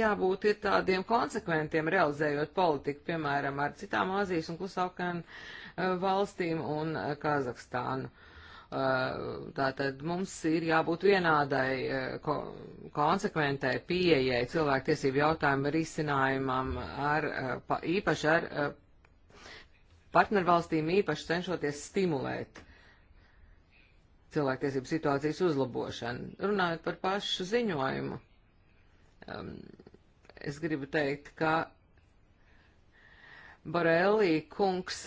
jābūt ir tādiem konsekventiem realizējot politiku, piemēram, ar citām Āzijas un Klusa okeāna valstīm un Kazahstānu. Uh, Eh, tātad mums ir jābūt vienādai eh, ko, konsekventai pieejai cilvēktiesību jautājumu risinājumam ar, eh, pa, īpaši ar partnervalstīm, īpaši cenšoties stimulēt cilvēktiesību situācijas uzlabošanu. Runājot par pašu ziņojumu, um, es gribu teikt, ka Borelī kungs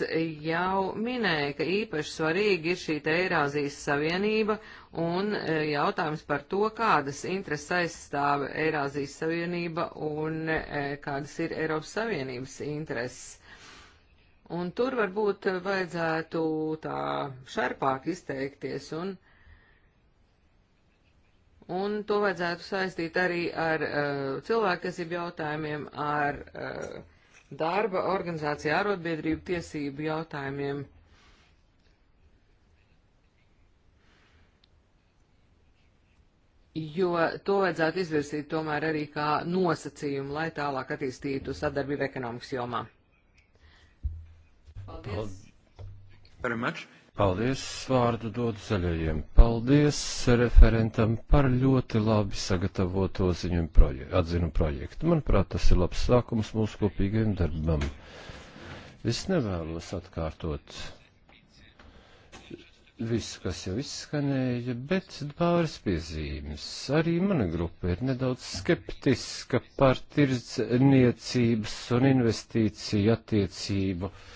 jau minēja, ka īpaši svarīgi ir šī Eirāzijas savienība un e, jautājums par to, kādas intereses aizstāv Eirāzijas savienība un e, kādas ir Eiropas Savienības intereses. Un tur varbūt vajadzētu tā šarpāk izteikties un, un to vajadzētu saistīt arī ar uh, cilvēktiesību jautājumiem, ar uh, darba organizācija arotbiedrību tiesību jautājumiem. jo to vajadzētu izvirsīt tomēr arī kā nosacījumu, lai tālāk attīstītu sadarbību ekonomikas jomā. Paldies! Paldies. Paldies, vārdu dodu zaļajiem. Paldies referentam par ļoti labi sagatavoto ziņu proje atzinu projektu. Manuprāt, tas ir labs sākums mūsu kopīgajam darbam. Es nevēlos atkārtot visu, kas jau izskanēja, bet pāris piezīmes. Arī mana grupa ir nedaudz skeptiska par tirdzniecības un investīciju attiecību. Uh,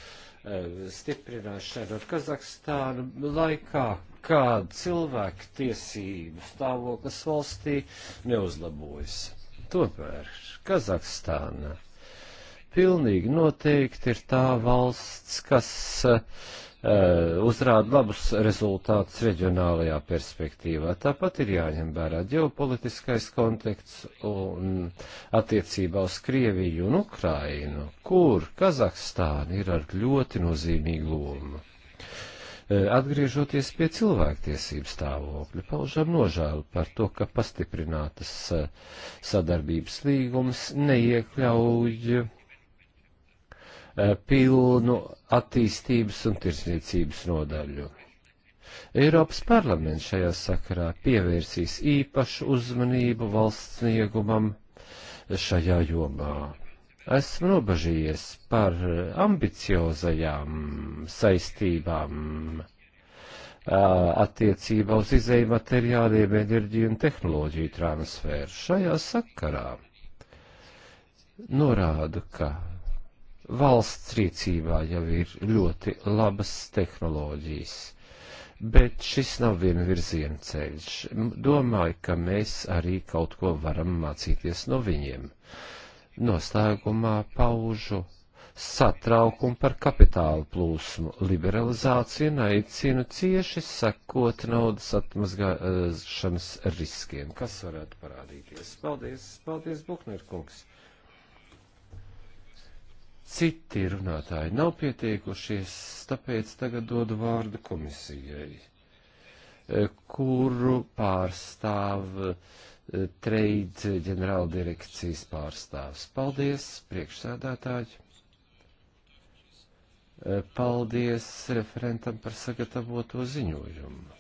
Eh, stiprināšanu ar Kazahstānu laikā, kad cilvēku tiesību stāvoklis valstī neuzlabojas. Tomēr Kazahstāna pilnīgi noteikti ir tā valsts, kas uh, Eh, uzrāda labus rezultātus reģionālajā perspektīvā. Tāpat ir jāņem vērā ģeopolitiskais konteksts un attiecībā uz Krieviju un Ukrainu, kur Kazahstāna ir ar ļoti nozīmīgu lomu. Eh, atgriežoties pie cilvēktiesību stāvokļa, paužam nožēlu par to, ka pastiprinātas eh, sadarbības līgums neiekļauj Eh, pilnu attīstības un tirsniecības nodaļu. Eiropas parlaments šajā sakarā pievērsīs īpašu uzmanību valsts sniegumam šajā jomā. Esmu nobažījies par ambiciozajām saistībām eh, attiecībā uz izēju materiāliem, enerģiju un tehnoloģiju transferu. Šajā sakarā norādu, ka Valsts rīcībā jau ir ļoti labas tehnoloģijas, bet šis nav viena virziena ceļš. Domāju, ka mēs arī kaut ko varam mācīties no viņiem. Noslēgumā paužu satraukumu par kapitāla plūsmu, liberalizāciju un aicinu cieši sekot naudas atmazgāšanas riskiem, kas varētu parādīties. Paldies, paldies, Bukner kungs! Citi runātāji nav pietiekušies, tāpēc tagad dodu vārdu komisijai, eh, kuru pārstāv eh, Treid ģenerāldirekcijas pārstāvs. Paldies, priekšsēdētāji! Eh, paldies referentam par sagatavoto ziņojumu.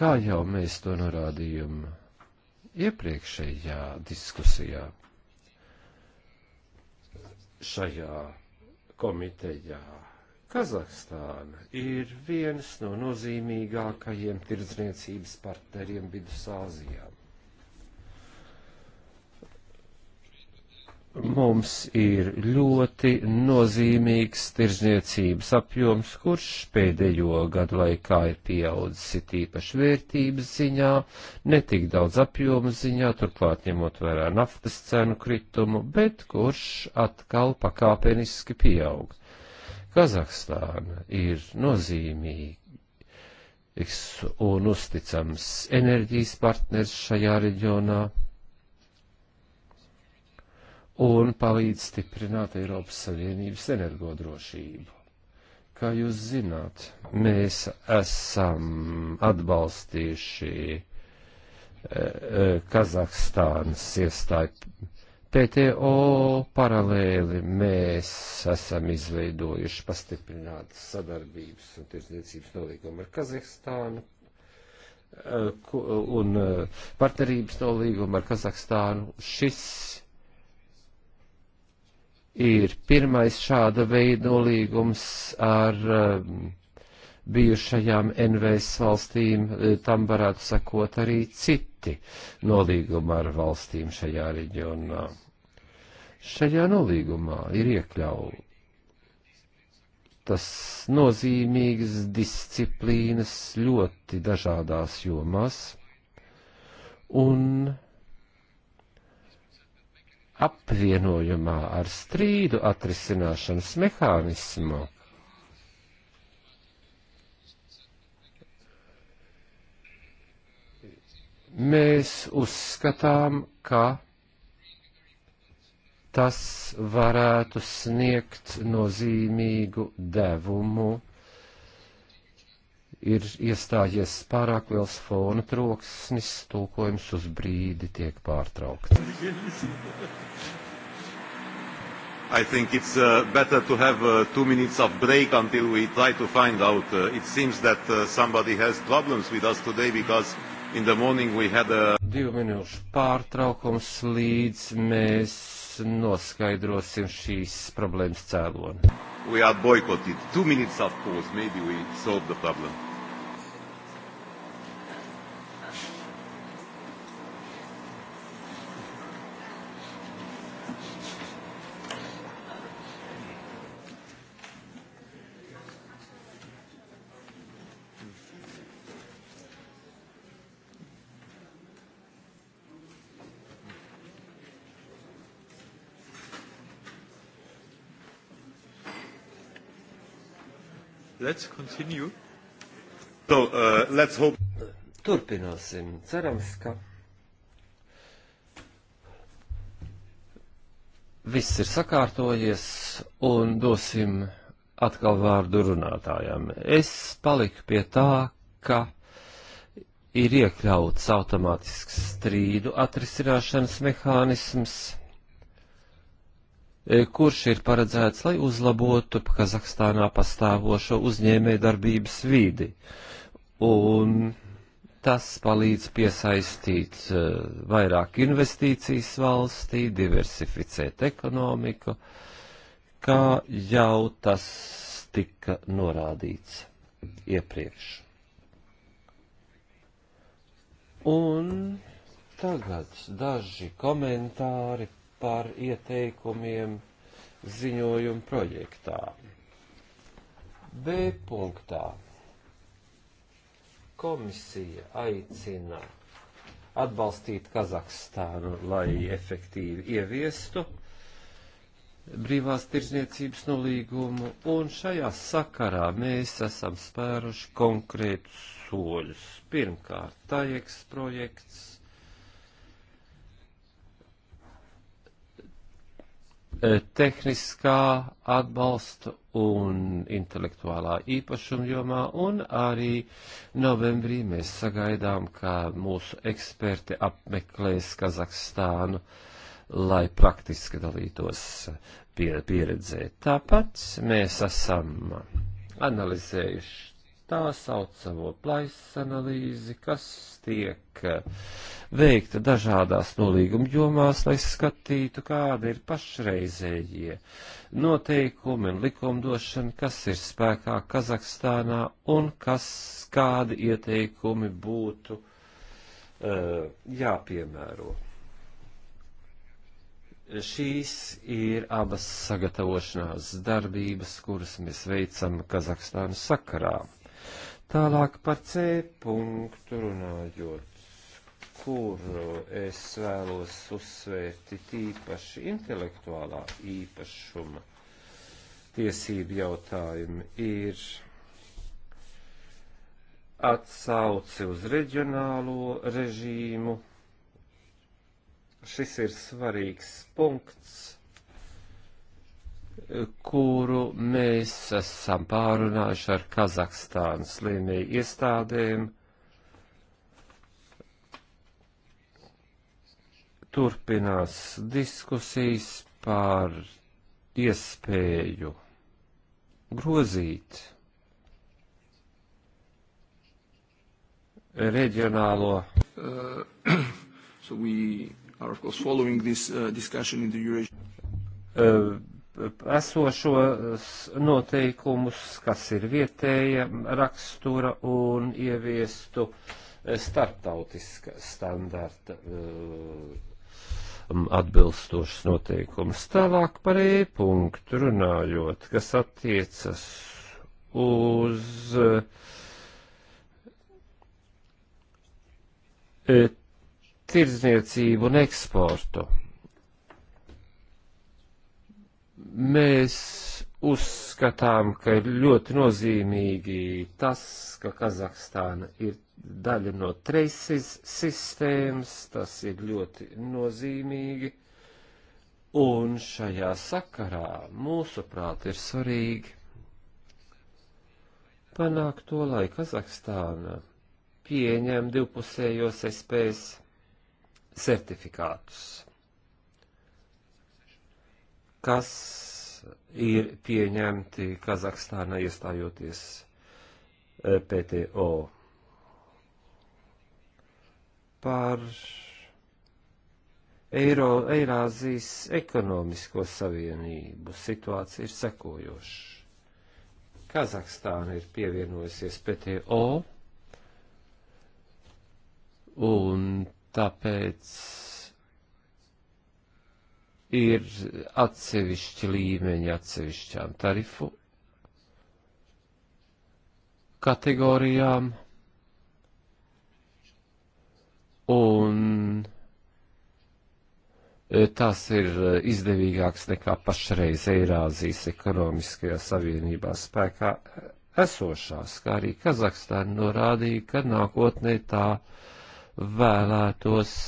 Kā jau mēs to norādījām iepriekšējā diskusijā? šajā komitejā. Kazahstāna ir viens no nozīmīgākajiem tirdzniecības partneriem Vidusāzijā. mums ir ļoti nozīmīgs tirzniecības apjoms, kurš pēdējo gadu laikā ir pieaudzis it īpaši vērtības ziņā, netik daudz apjomu ziņā, turklāt ņemot vērā naftas cenu kritumu, bet kurš atkal pakāpeniski pieaug. Kazahstāna ir nozīmīga un uzticams enerģijas partners šajā reģionā un palīdz stiprināt Eiropas Savienības energodrošību. Kā jūs zināt, mēs esam atbalstījuši eh, eh, Kazahstānas iestāju PTO paralēli mēs esam izveidojuši pastiprinātas sadarbības un tirdzniecības nolīgumu ar Kazahstānu eh, un partnerības nolīgumu ar Kazahstānu. Šis ir pirmais šāda veida nolīgums ar um, bijušajām NVS valstīm, eh, tam varētu sakot arī citi nolīgumi ar valstīm šajā reģionā. Šajā nolīgumā ir iekļautas nozīmīgas disciplīnas ļoti dažādās jomās, un apvienojumā ar strīdu atrisināšanas mehānismu. Mēs uzskatām, ka tas varētu sniegt nozīmīgu devumu ir iestājies pārāk liels fona troksnis, tulkojums uz brīdi tiek pārtraukts. I think it's uh, better to have uh, two minutes of break until we try to find out. Uh, it seems that uh, somebody has problems with us today because in the morning we had a... Divu minūšu pārtraukums līdz mēs noskaidrosim šīs problēmas cēloni. We are boycotted. Two minutes of pause, maybe we solve the problem. Let's continue. So, uh, let's hope. Turpināsim. Cerams, ka viss ir sakārtojies un dosim atkal vārdu runātājām. Es paliku pie tā, ka ir iekļauts automātisks strīdu atrisināšanas mehānisms E, kurš ir paredzēts, lai uzlabotu Kazahstānā pastāvošo uzņēmēju darbības vidi. Un tas palīdz piesaistīt e, vairāk investīcijas valstī, diversificēt ekonomiku, kā jau tas tika norādīts iepriekš. Un tagad daži komentāri par ieteikumiem ziņojumu projektā. B punktā komisija aicina atbalstīt Kazahstānu, lai efektīvi ieviestu brīvās tirzniecības nolīgumu, un šajā sakarā mēs esam spēruši konkrētus soļus. Pirmkārt, TAIEX projekts E, tehniskā atbalsta un intelektuālā īpašuma jomā, un arī novembrī mēs sagaidām, ka mūsu eksperti apmeklēs Kazahstānu, lai praktiski dalītos pieredzē. Tāpat mēs esam analizējuši tā saucamo plaisa analīzi, kas tiek eh, veikta dažādās nolīguma jomās, lai skatītu, kāda ir pašreizējie noteikumi un likumdošana, kas ir spēkā Kazahstānā un kas, kādi ieteikumi būtu uh, jāpiemēro. Šīs ir abas sagatavošanās darbības, kuras mēs veicam Kazahstānas sakarā. Tālāk par C punktu runājot, kuru es vēlos uzsvērt tīpaši intelektuālā īpašuma tiesību jautājumi, ir atsauci uz reģionālo režīmu. Šis ir svarīgs punkts kuru mēs esam pārunājuši ar Kazahstānas līniju iestādēm. Turpinās diskusijas par iespēju grozīt reģionālo. Uh, so we are of course following this uh, discussion in the Eurasian. Uh, esošos noteikumus, kas ir vietēja rakstura un ieviestu starptautiska standarta eh, atbilstošas noteikumus. Tālāk par e-punktu runājot, kas attiecas uz eh, tirdzniecību un eksportu. Mēs uzskatām, ka ir ļoti nozīmīgi tas, ka Kazahstāna ir daļa no treisis sistēmas, tas ir ļoti nozīmīgi, un šajā sakarā mūsuprāt ir svarīgi panākt to, lai Kazahstāna pieņem divpusējos SPS certifikātus kas ir pieņemti Kazahstānā iestājoties e, PTO. Par Eiro, Eirāzijas ekonomisko savienību situācija ir sekojoša. Kazahstāna ir pievienojusies PTO, un tāpēc ir atsevišķi līmeņi atsevišķām tarifu kategorijām, un tās ir izdevīgākas nekā pašreiz Eirāzijas ekonomiskajā savienībā spēkā esošās, kā arī Kazahstāna norādīja, ka nākotnē tā vēlētos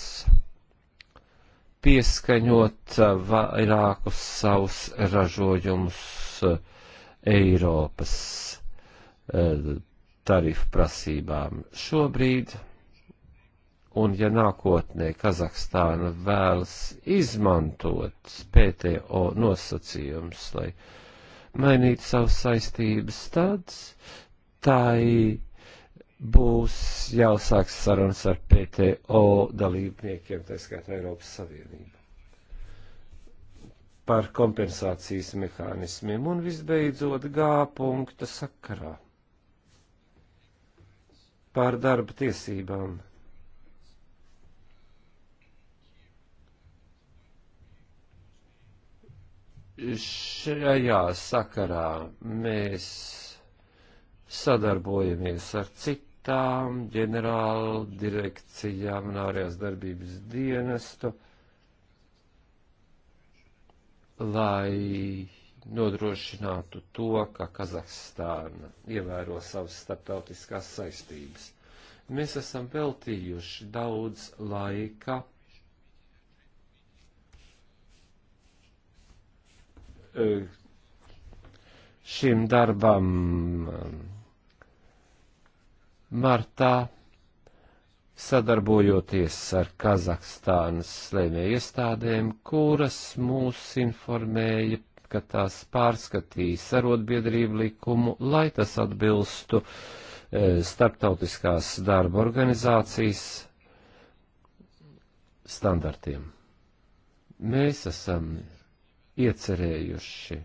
pieskaņot eh, vairākus savus ražojumus eh, Eiropas eh, tarifu prasībām. Šobrīd, un ja nākotnē Kazahstāna vēlas izmantot PTO nosacījums, lai mainītu savas saistības, tad tai būs jāsāk sarunas ar PTO dalībniekiem, tā skaitā Eiropas Savienību, par kompensācijas mehānismiem un visbeidzot G punkta sakarā par darba tiesībām. Šajā sakarā mēs sadarbojamies ar citu lietām, ģenerāla direkcijām un ārējās darbības dienestu, lai nodrošinātu to, ka Kazahstāna ievēro savas starptautiskās saistības. Mēs esam veltījuši daudz laika eh, šim darbam martā, sadarbojoties ar Kazahstānas slēmēju iestādēm, kuras mūs informēja, ka tās pārskatīs arotbiedrību likumu, lai tas atbilstu e, starptautiskās darba organizācijas standartiem. Mēs esam iecerējuši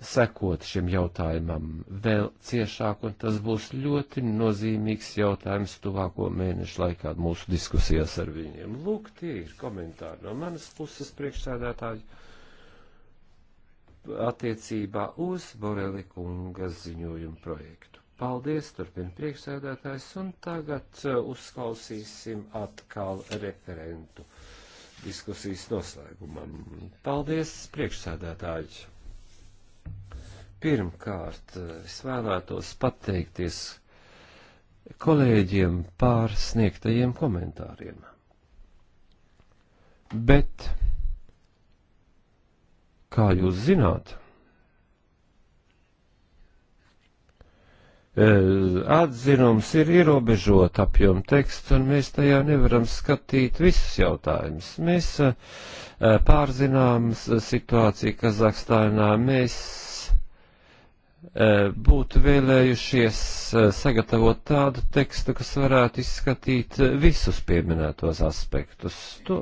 sekot šim jautājumam vēl ciešāk, un tas būs ļoti nozīmīgs jautājums tuvāko mēnešu laikā mūsu diskusijās ar viņiem. Lūk, tie ir komentāri no manas puses priekšsēdētāju attiecībā uz Boreli kungas ziņojumu projektu. Paldies, turpina priekšsēdētājs, un tagad uh, uzklausīsim atkal referentu diskusijas noslēgumam. Paldies, priekšsēdētāji! Pirmkārt, eh, es vēlētos pateikties kolēģiem pār sniegtajiem komentāriem. Bet, kā jūs zināt, eh, atzinums ir ierobežot apjomu tekstu, un mēs tajā nevaram skatīt visus jautājumus. Mēs eh, pārzinām situāciju Kazahstānā, mēs Eh, būtu vēlējušies eh, sagatavot tādu tekstu, kas varētu izskatīt eh, visus pieminētos aspektus. To,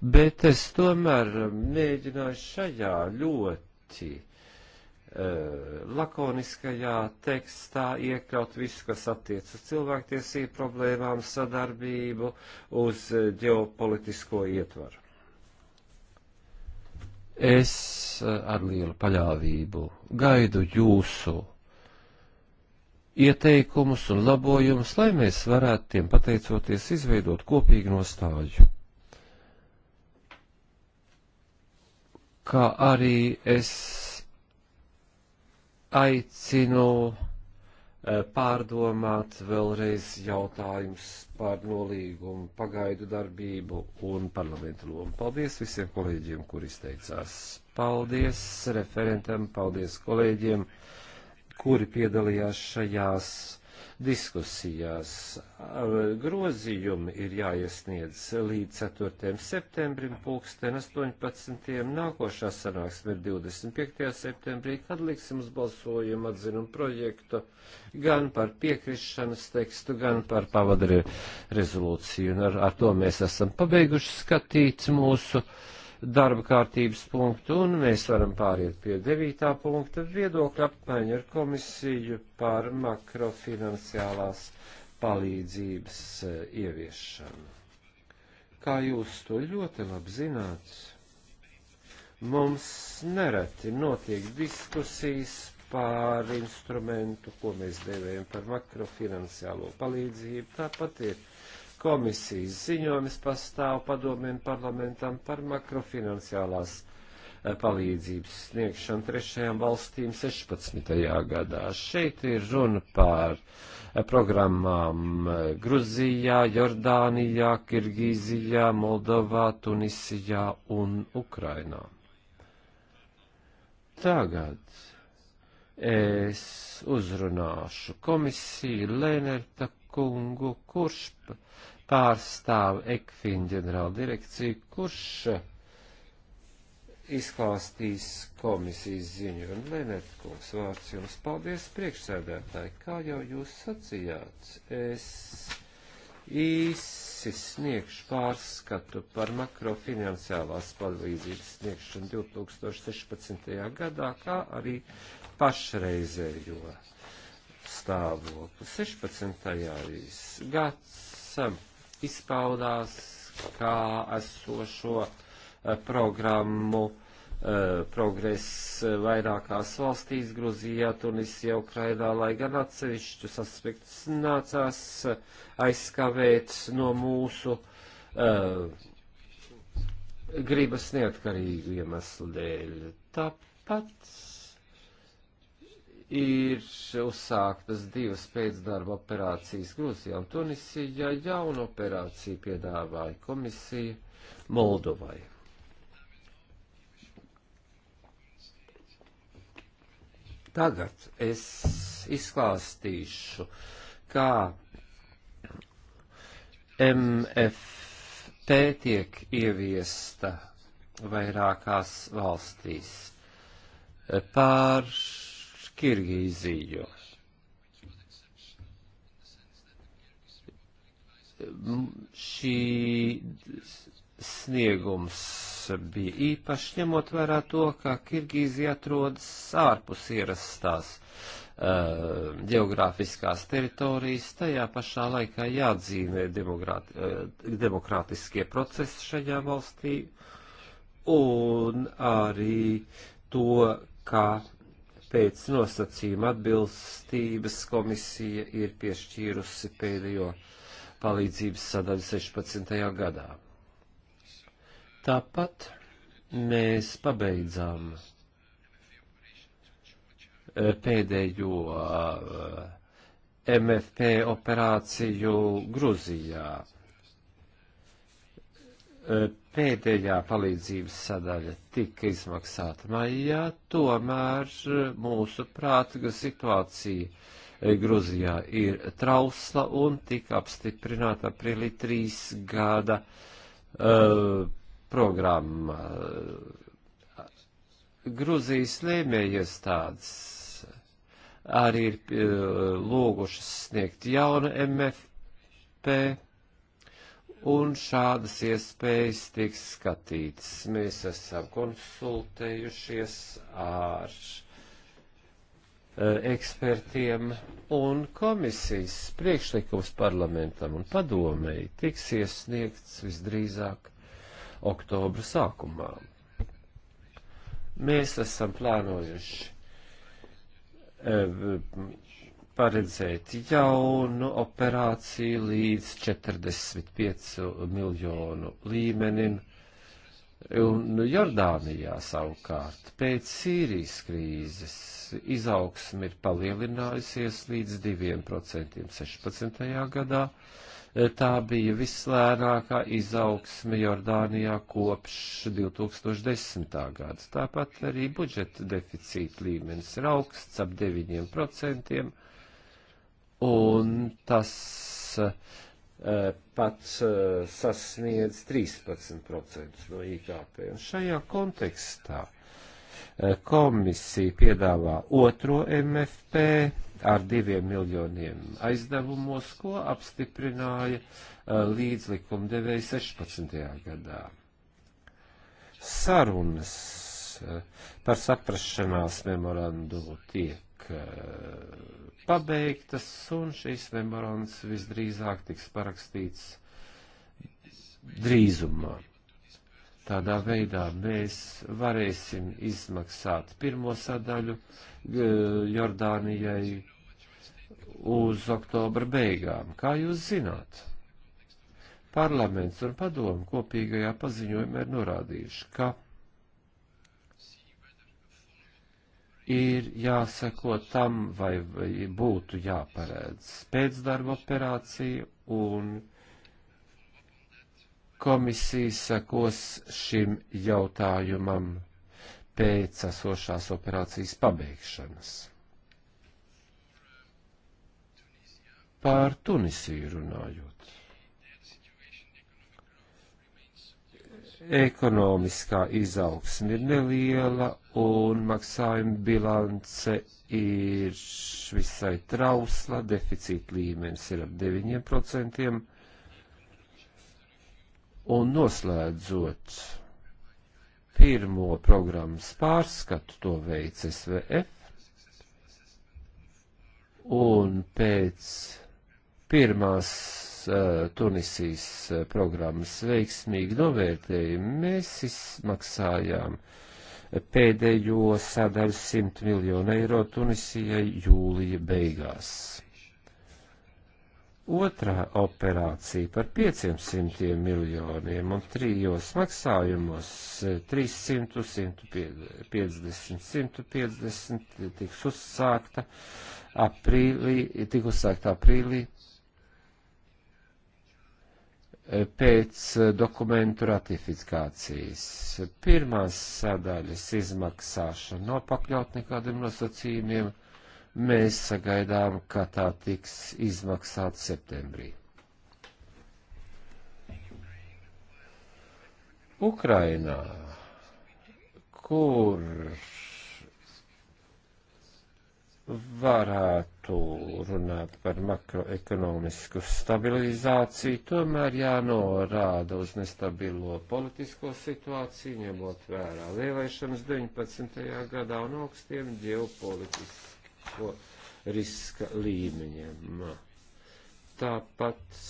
bet es tomēr mēģināju šajā ļoti uh, lakoniskajā tekstā iekļaut visu, kas attiec uz cilvēktiesību problēmām, sadarbību, uz ģeopolitisko ietvaru. Es eh, ar lielu paļāvību gaidu jūsu ieteikumus un labojumus, lai mēs varētu tiem pateicoties izveidot kopīgu nostāju. Kā arī es aicinu Eh, pārdomāt vēlreiz jautājums par nolīgumu, pagaidu darbību un parlamentu lomu. Paldies visiem kolēģiem, kur izteicās. Paldies referentam, paldies kolēģiem, kuri piedalījās šajās diskusijās. Grozījumi ir jāiesniedz līdz 4. septembrim, pulksten 18. Nākošā sanāksme ir 25. septembrī, kad liksim uz balsojumu atzinumu projektu gan par piekrišanas tekstu, gan par pavadu rezolūciju. Un ar, ar to mēs esam pabeiguši skatīt mūsu darba kārtības punktu, un mēs varam pāriet pie devītā punkta viedokļa apmaiņa ar komisiju par makrofinanciālās palīdzības eh, ieviešanu. Kā jūs to ļoti labi zināt, mums nereti notiek diskusijas par instrumentu, ko mēs devējam par makrofinanciālo palīdzību. Tāpat ir komisijas ziņojums pastāv padomiem parlamentam par makrofinansiālās eh, palīdzības sniegšanu trešajām valstīm 16. gadā. Šeit ir runa par eh, programmām eh, Gruzijā, Jordānijā, Kirgīzijā, Moldovā, Tunisijā un Ukrainā. Tagad es uzrunāšu komisiju Lēnerta kungu, kurš pārstāv Ekfin ģenerāla direkciju, kurš izklāstīs komisijas ziņu. Un, Lenēt, kungs, vārds jums paldies priekšsēdētāji. Kā jau jūs sacījāt, es īsi sniegšu pārskatu par makrofinansiālās palīdzības sniegšanu 2016. gadā, kā arī pašreizējo stāvokli. 16. gads izpaudās kā esošo eh, programmu eh, progress vairākās valstīs, Gruzijā, Tunisijā, Ukrainā, lai gan atsevišķus aspektus nācās aizskavēt no mūsu uh, gribas neatkarīgu iemeslu dēļ. Tāpat ir uzsāktas divas pēcdarba operācijas Grūzijā un Tunisijā. Jaunu operāciju piedāvāja komisija Moldovai. Tagad es izklāstīšu, kā MFP tiek ieviesta vairākās valstīs. Pār Kirgīziju. Šī sniegums bija īpaši ņemot vērā to, ka Kirgīzija atrodas ārpus ierastās uh, geogrāfiskās teritorijas, tajā pašā laikā jādzīmē demokrāti, uh, demokrātiskie procesi šajā valstī un arī to, ka pēc nosacījuma atbilstības komisija ir piešķīrusi pēdējo palīdzības sadaļu 16. gadā. Tāpat mēs pabeidzām eh, pēdējo eh, MFP operāciju Gruzijā. Eh, pēdējā palīdzības sadaļa tika izmaksāta maijā, tomēr eh, mūsu prāta situācija eh, Gruzijā ir trausla un tika apstiprināta aprīlī trīs gada uh, programma. Gruzijas lēmējiestādes arī ir uh, lūgušas sniegt jaunu MFP un šādas iespējas tiks skatītas. Mēs esam konsultējušies ar eh, ekspertiem un komisijas priekšlikums parlamentam un padomēji tiks iesniegts visdrīzāk oktobra sākumā. Mēs esam plānojuši eh, paredzēt jaunu operāciju līdz 45 miljonu līmenim. Un Jordānijā savukārt pēc Sīrijas krīzes izaugsme ir palielinājusies līdz 2% 16. gadā. Tā bija vislēnākā izaugsme Jordānijā kopš 2010. gada. Tāpat arī budžeta deficīta līmenis ir augsts ap 9% un tas eh, pat eh, sasniedz 13% no IKP. Un šajā kontekstā eh, komisija piedāvā otro MFP ar diviem miljoniem aizdevumos, ko apstiprināja līdzlikumdevēja 16. gadā. Sarunas par saprašanās memorandumu tiek tiek uh, pabeigtas, un šis memorands visdrīzāk tiks parakstīts drīzumā. Tādā veidā mēs varēsim izmaksāt pirmo sadaļu uh, Jordānijai uz oktobra beigām. Kā jūs zināt? Parlaments un padomu kopīgajā paziņojumā ir norādījuši, ka ir jāseko tam, vai, vai būtu jāparedz pēcdarba operācija un komisija sekos šim jautājumam pēc esošās operācijas pabeigšanas. Pār Tunisiju runājot. Ekonomiskā izaugsme ir neliela un maksājuma bilance ir visai trausla, deficīta līmenis ir ap 9%, un noslēdzot pirmo programmas pārskatu, to veic SVF, un pēc pirmās Tunisijas programmas veiksmīgi novērtējumi mēs izmaksājām uh, pēdējo sadaļu 100 miljonu eiro Tunisijai jūlija beigās. Otrā operācija par 500 miljoniem un trijos maksājumos 300, 150, 150 tiks uzsākta aprīlī, tik uzsākta aprīlī pēc eh, dokumentu ratifikācijas. Pirmās sadaļas izmaksāšana nav pakļaut nekādiem nosacījumiem. Mēs sagaidām, ka tā tiks izmaksāta septembrī. Ukrainā, kur varētu runāt par makroekonomisku stabilizāciju, tomēr jānorāda uz nestabilo politisko situāciju, ņemot vērā vēlēšanas 19. gadā un augstiem ģeopolitisko riska līmeņiem. Tāpat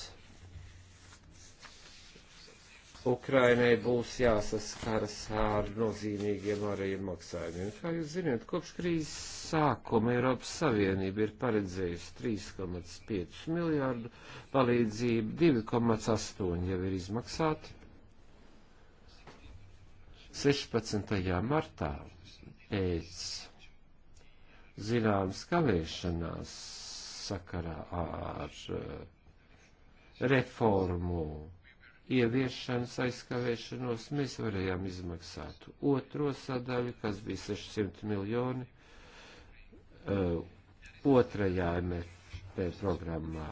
Ukrainai būs jāsaskaras ar nozīmīgiem ārējiem maksājumiem. Kā jūs zināt, kopš krīzes sākuma Eiropas Savienība ir paredzējusi 3,5 miljārdu palīdzību, 2,8 jau ir izmaksāti. 16. martā pēc zināmas kavēšanās sakarā ar eh, reformu ieviešanas aizkavēšanos mēs varējām izmaksāt otro sadaļu, kas bija 600 miljoni, uh, otrajā MFP programmā,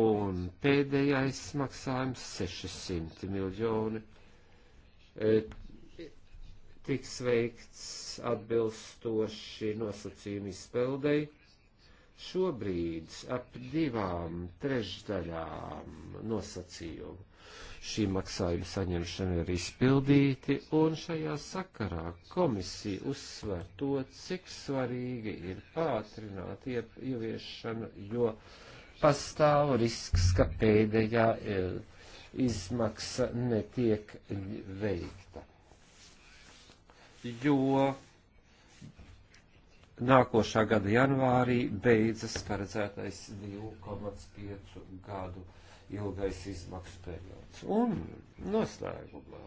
un pēdējais maksājums 600 miljoni uh, tiks veikts atbilstoši nosacījumu izpildēji. Šobrīd ap divām trešdaļām nosacījumu šī maksājuma saņemšana ir izpildīti, un šajā sakarā komisija uzsver to, cik svarīgi ir pātrināt ieviešanu, jo pastāv risks, ka pēdējā e, izmaksa netiek veikta. Jo nākošā gada janvārī beidzas paredzētais 2,5 gadu ilgais izmaksu periods. Un noslēgumā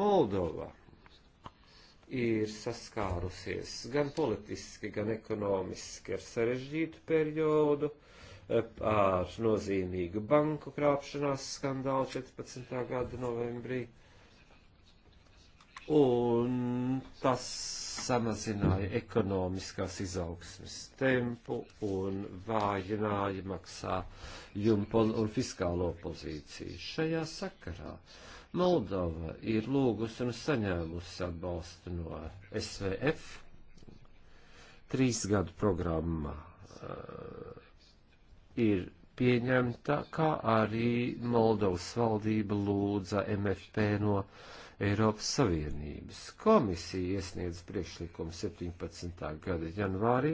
Moldova ir saskārusies gan politiski, gan ekonomiski ar sarežģītu periodu, eh, ar nozīmīgu banku krāpšanās skandālu 14. gada novembrī. Un tas samazināja ekonomiskās izaugsmes tempu un vājināja maksājumu un fiskālo pozīciju. Šajā sakarā Moldova ir lūgusi un saņēmusi atbalstu no SVF trīs gadu programmā. Uh, ir pieņemta, kā arī Moldovas valdība lūdza MFP no uh, Eiropas Savienības. Komisija iesniedz priekšlikumu 17. gada janvārī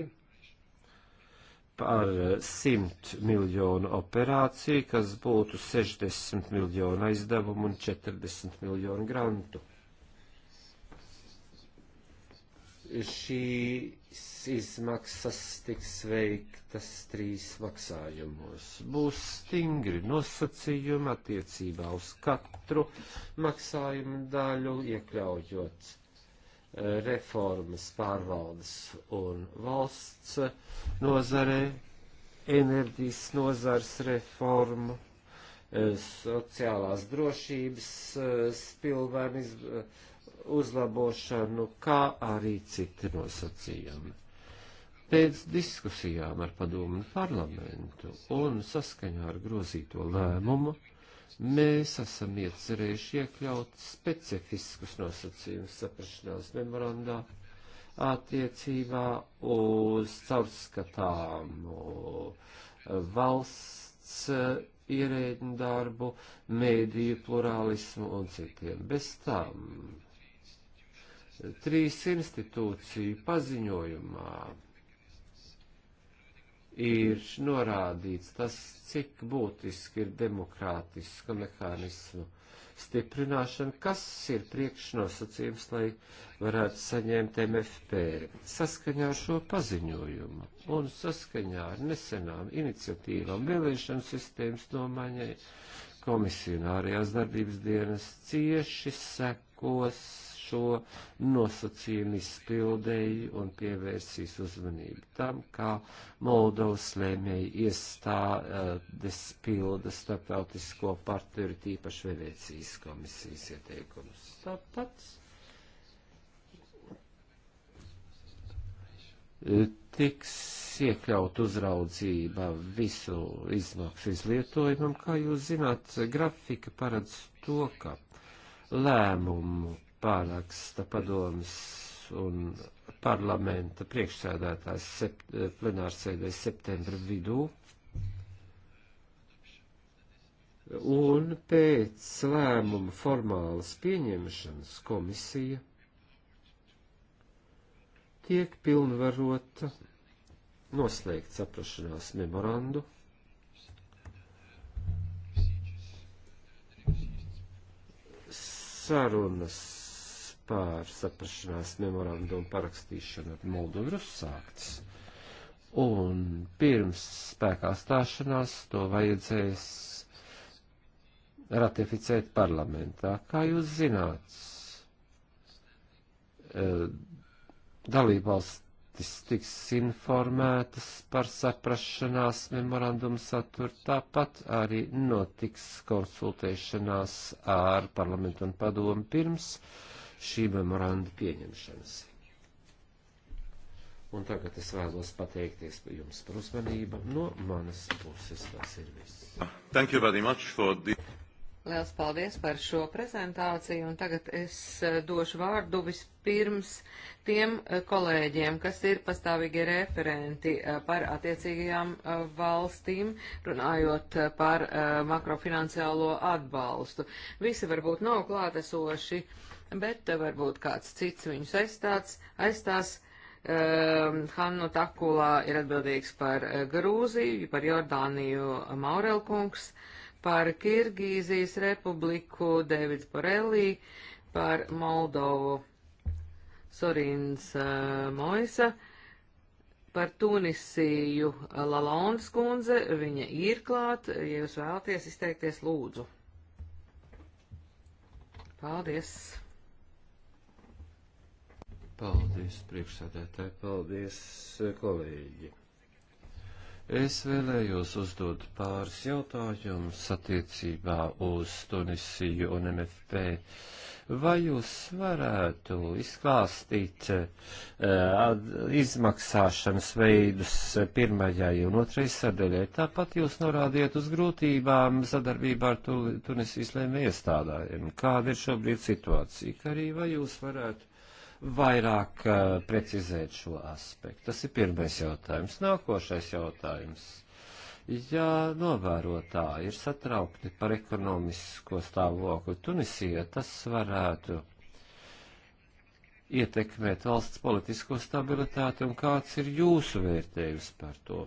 par 100 miljonu operāciju, kas būtu 60 miljonu aizdevumu un 40 miljonu grantu. šīs izmaksas tiks veiktas trīs maksājumos. Būs stingri nosacījumi attiecībā uz katru maksājumu daļu, iekļaujot eh, reformas pārvaldes un valsts nozarē, enerģijas nozars reformu, eh, sociālās drošības eh, spilvēm izbēgšanu uzlabošanu, kā arī citi nosacījumi. Pēc diskusijām ar padomu parlamentu un saskaņā ar grozīto lēmumu mēs esam iecerējuši iekļaut specifiskus nosacījumus saprašanās memorandā attiecībā uz caurskatāmu valsts ierēģu darbu, mēdīju plurālismu un citiem. Bez tam trīs institūciju paziņojumā ir norādīts tas, cik būtiski ir demokrātiska mehānismu stiprināšana, kas ir priekšnosacījums, lai varētu saņemt MFP saskaņā ar šo paziņojumu un saskaņā ar nesenām iniciatīvām vēlēšanu sistēmas domaiņai komisija un ārējās darbības dienas cieši sekos šo nosacījumu izpildēji un pievērsīs uzmanību tam, kā Moldovas lēmēji iestādes pilda starptautisko partneri, tīpaši Venecijas komisijas ieteikumus. Tāpat eh, tiks iekļaut uzraudzība visu izmaksu izlietojumam, kā jūs zināt, grafika paredz to, ka lēmumu pāraksta padomas un parlamenta priekšsēdētājs sept, eh, plenārsēdē septembra vidū. Un pēc lēmuma formālas pieņemšanas komisija tiek pilnvarota noslēgt saprašanās memorandu. Sarunas par saprašanās memorandumu parakstīšanu ar Moldovu ir uzsākts. Un pirms spēkā stāšanās to vajadzēs ratificēt parlamentā. Kā jūs zināt, e, dalībvalstis tiks informētas par saprašanās memorandumu saturu, tāpat arī notiks konsultēšanās ar parlamentu un padomu pirms uh, šī memoranda pieņemšanas. Un tagad es vēlos pateikties jums par uzmanību. No manas puses tas ir viss. Thank you very much for the... Liels paldies par šo prezentāciju, un tagad es eh, došu vārdu vispirms tiem eh, kolēģiem, kas ir pastāvīgi referenti eh, par attiecīgajām valstīm, runājot par makrofinanciālo atbalstu. Visi varbūt nav klātesoši. Uh, bet eh, varbūt kāds cits viņus aizstāts, aizstās. Um, Hannu Takulā ir atbildīgs par eh, Grūziju, par Jordāniju eh, Maurelkungs, par Kirgīzijas republiku Davids Borelī, par Moldovu Sorins uh, Moisa, par Tunisiju Lalondas kundze, viņa ir klāt, ja jūs vēlaties izteikties lūdzu. Paldies! Paldies, priekšsēdētāji, paldies, kolēģi. Es vēlējos uzdot pāris jautājumus attiecībā uz Tunisiju un MFP. Vai jūs varētu izklāstīt uh, izmaksāšanas veidus pirmajai un otrajai sadaļai? Tāpat jūs norādiet uz grūtībām sadarbībā ar tu, Tunisijas lēmē iestādājiem. Kāda ir šobrīd situācija? Kā arī vai jūs varētu vairāk eh, precizēt šo aspektu. Tas ir pirmais jautājums. Nākošais jautājums. Ja novērotāji ir satraukti par ekonomisko stāvokli Tunisijā, tas varētu ietekmēt valsts politisko stabilitāti un kāds ir jūsu vērtējums par to?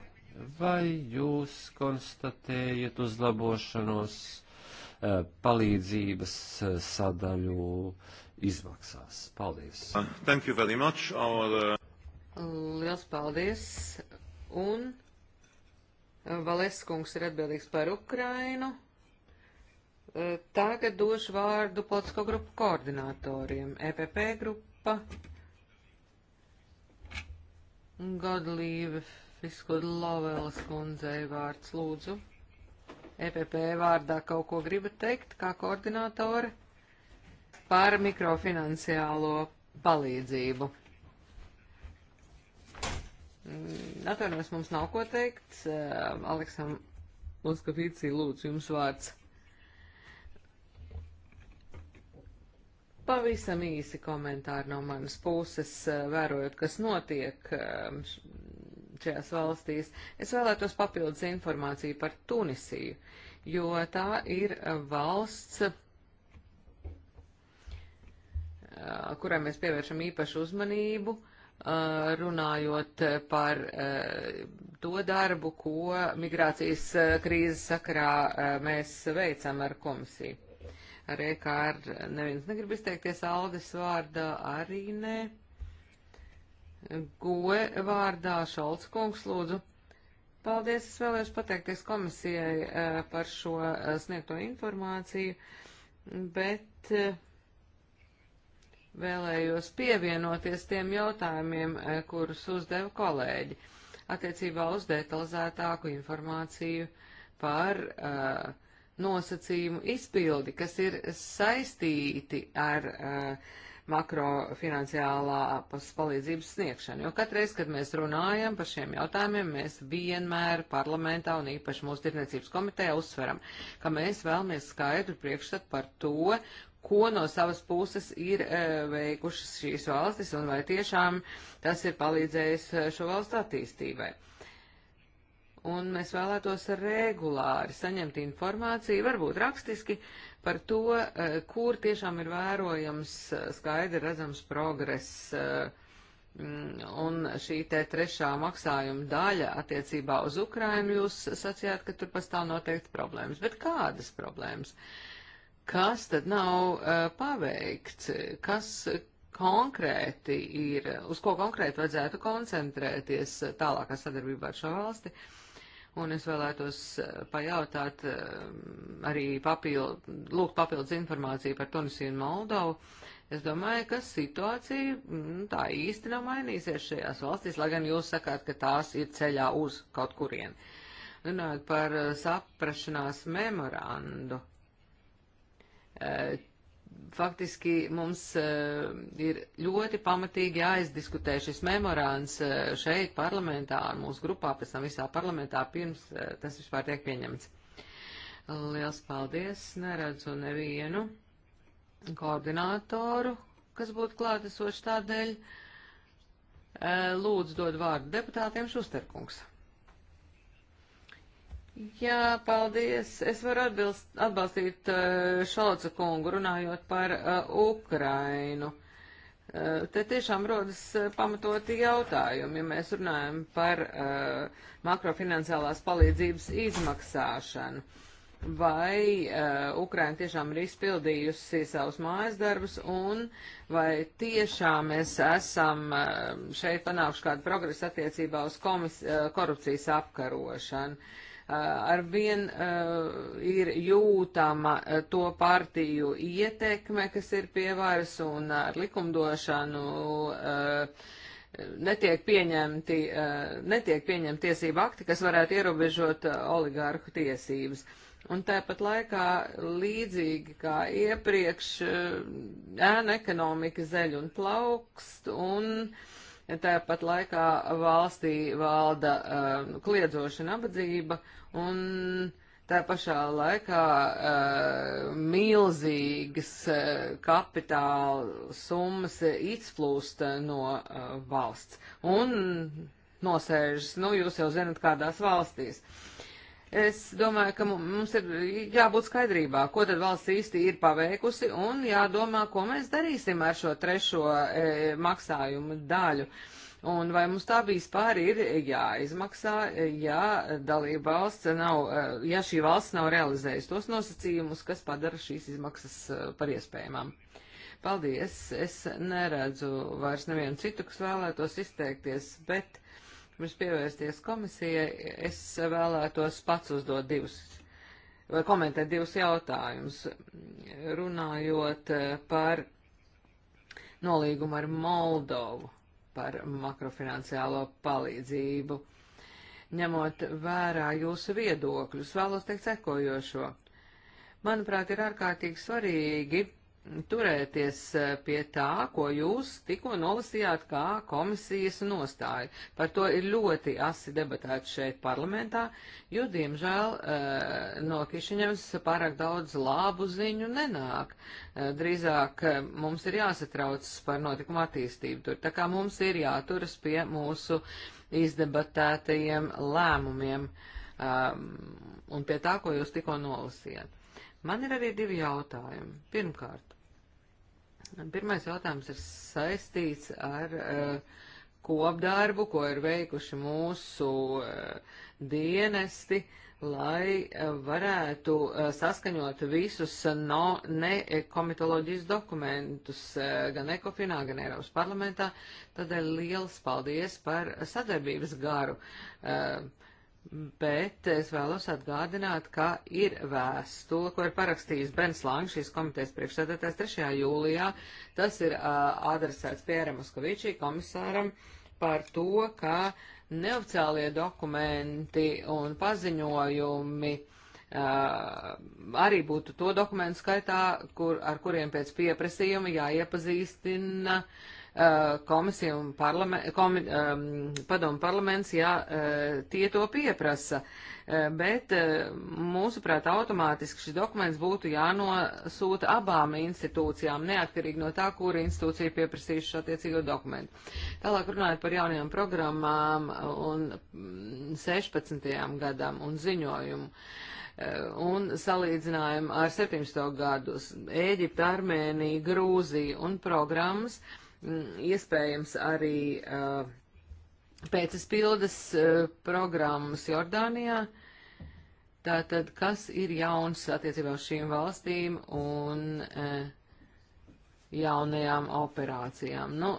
Vai jūs konstatējat uzlabošanos eh, palīdzības eh, sadaļu izmaksās. Paldies! Uh, thank you very much. Our, uh... Liels paldies! Un uh, Valeskungs ir atbildīgs par Ukrainu. Uh, tagad došu vārdu politisko grupu koordinatoriem. EPP grupa. Godlīve Fiskud Lovelas kundzei vārds lūdzu. EPP vārdā kaut ko gribat teikt kā koordinatore? par mikrofinanciālo palīdzību. Mm, atvainojos, mums nav ko teikt. Eh, Aleksam Moskavīcī, lūdzu, jums vārds. Pavisam īsi komentāri no manas puses, eh, vērojot, kas notiek eh, šajās valstīs. Es vēlētos papildus informāciju par Tunisiju, jo tā ir valsts, kurai mēs pievēršam īpašu uzmanību, runājot par to darbu, ko migrācijas krīzes sakarā mēs veicam ar komisiju. Ar EKR neviens negrib izteikties Aldis vārdā, arī nē. Goe vārdā Šolts kungs lūdzu. Paldies, es vēlēšu pateikties komisijai par šo sniegto informāciju, bet uh, vēlējos pievienoties tiem jautājumiem, eh, kurus uzdeva kolēģi attiecībā uz detalizētāku informāciju par uh, nosacījumu izpildi, kas ir saistīti ar uh, eh, makrofinanciālās palīdzības sniegšanu. Jo katreiz, kad mēs runājam par šiem jautājumiem, mēs vienmēr parlamentā un īpaši mūsu tirniecības komitejā uzsveram, ka mēs vēlamies skaidru priekšstatu par to, ko no savas puses ir e, veikušas šīs valstis un vai tiešām tas ir palīdzējis e, šo valstu attīstībai. Un mēs vēlētos regulāri saņemt informāciju, varbūt rakstiski, par to, e, kur tiešām ir vērojams skaidri redzams progress mm, un šī te trešā maksājuma daļa attiecībā uz Ukrainu. Jūs sacījāt, ka tur pastāv noteikti problēmas, bet kādas problēmas? Uh, kas tad nav uh, paveikts, kas konkrēti ir, uz ko konkrēti vajadzētu koncentrēties tālākā sadarbībā ar šo valsti. Un es vēlētos pajautāt arī papildu, lūgt papildus informāciju par Tunisiju un Moldovu. Es domāju, ka situācija nu, tā īsti nav mainīsies šajās valstīs, lai gan jūs sakāt, ka tās ir ceļā uz kaut kurien. Runājot par saprašanās memorandu Eh, faktiski mums eh, ir ļoti pamatīgi jāizdiskutē šis memorāns eh, šeit parlamentā, mūsu grupā, pēc tam visā parlamentā, pirms tas vispār tiek pieņemts. Liels paldies, neredzu nevienu koordinātoru, kas būtu klātesoši tādēļ. Lūdzu, dod vārdu deputātiem Šusterkungs. Jā, paldies. Es varu atbilst, atbalstīt uh, Šalca kungu runājot par uh, Ukrainu. Uh, te tiešām rodas pamatoti jautājumi, ja mēs runājam par makrofinansiālās palīdzības izmaksāšanu. Vai Ukraina tiešām ir izpildījusi savus mājas darbus un vai tiešām mēs esam šeit panākuši kādu progresu attiecībā uz komis, korupcijas apkarošanu? Eh, arvien uh, ir jūtama uh, to partiju ietekme, kas ir pie varas un ar likumdošanu uh, netiek pieņemti, netiek pieņemti tiesība akti, kas varētu ierobežot oligārhu tiesības. Un tāpat laikā līdzīgi kā iepriekš ēna ekonomika zeļ un plaukst un uh, Tāpat laikā valstī valda uh, kliedzoša nabadzība un tā pašā laikā uh, milzīgas uh, kapitāla summas izplūst no uh, valsts un nosēžas, nu jūs jau zinat, kādās valstīs. Uh, Es domāju, ka mums ir jābūt skaidrībā, ko tad valsts īsti ir paveikusi un jādomā, ko mēs darīsim ar šo trešo e, maksājumu daļu. Un vai mums tā vispār ir jāizmaksā, ja dalība valsts nav, e, ja šī valsts nav realizējusi tos nosacījumus, kas padara šīs izmaksas e, par iespējamām? Paldies! Es neredzu vairs nevienu citu, kas vēlētos izteikties, bet Pirms pievērsties komisijai, es vēlētos pats uzdot divus vai komentēt divus jautājumus. Runājot eh, par nolīgumu ar Moldovu par makrofinanciālo palīdzību. Ņemot vērā jūsu viedokļus, vēlos teikt sekojošo. Manuprāt, ir ārkārtīgi svarīgi turēties eh, pie tā, ko jūs tikko nolasījāt kā komisijas nostāju. Par to ir ļoti asi debatēts šeit parlamentā, jo, diemžēl, eh, no Kišiņevs pārāk daudz labu ziņu nenāk. Eh, drīzāk mums ir jāsatrauc par notikumu attīstību tur. Tā kā mums ir jāturas pie mūsu izdebatētajiem lēmumiem um, un pie tā, ko jūs tikko nolasījāt. Man ir arī divi jautājumi. Pirmkārt, Pirmais jautājums ir saistīts ar uh, kopdarbu, ko ir veikuši mūsu uh, dienesti, lai uh, varētu saskaņot visus no nekomitoloģijas dokumentus gan Ekofinā, gan Eiropas parlamentā. Tādēļ liels paldies par sadarbības garu. Uh, Bet es vēlos atgādināt, ka ir vēstule, ko ir parakstījis Bens Langs, šīs komitejas priekšsēdētājs 3. jūlijā. Tas ir uh, adresēts Pieram Moskavičī komisāram par to, ka neoficiālie dokumenti un paziņojumi uh, arī būtu to dokumentu skaitā, kur, ar kuriem pēc pieprasījuma jāiepazīstina uh, Eh, komisija un parlament, komi, padomu parlaments, ja eh, tie to pieprasa. Eh, bet mūsuprāt, automātiski šis dokuments būtu jānosūta abām institūcijām, neatkarīgi no tā, kura institūcija pieprasīs šo attiecīgo dokumentu. Tālāk runājot par jaunajām programmām un 16. Mm, gadam un ziņojumu un salīdzinājumu ar 17. gadus Ēģipta, Armēnija, Grūzija un programmas, uh, Mm, iespējams arī uh, pēcizpildes uh, programmas Jordānijā. Tātad, kas ir jauns attiecībā uz šīm valstīm un uh, jaunajām operācijām? Nu,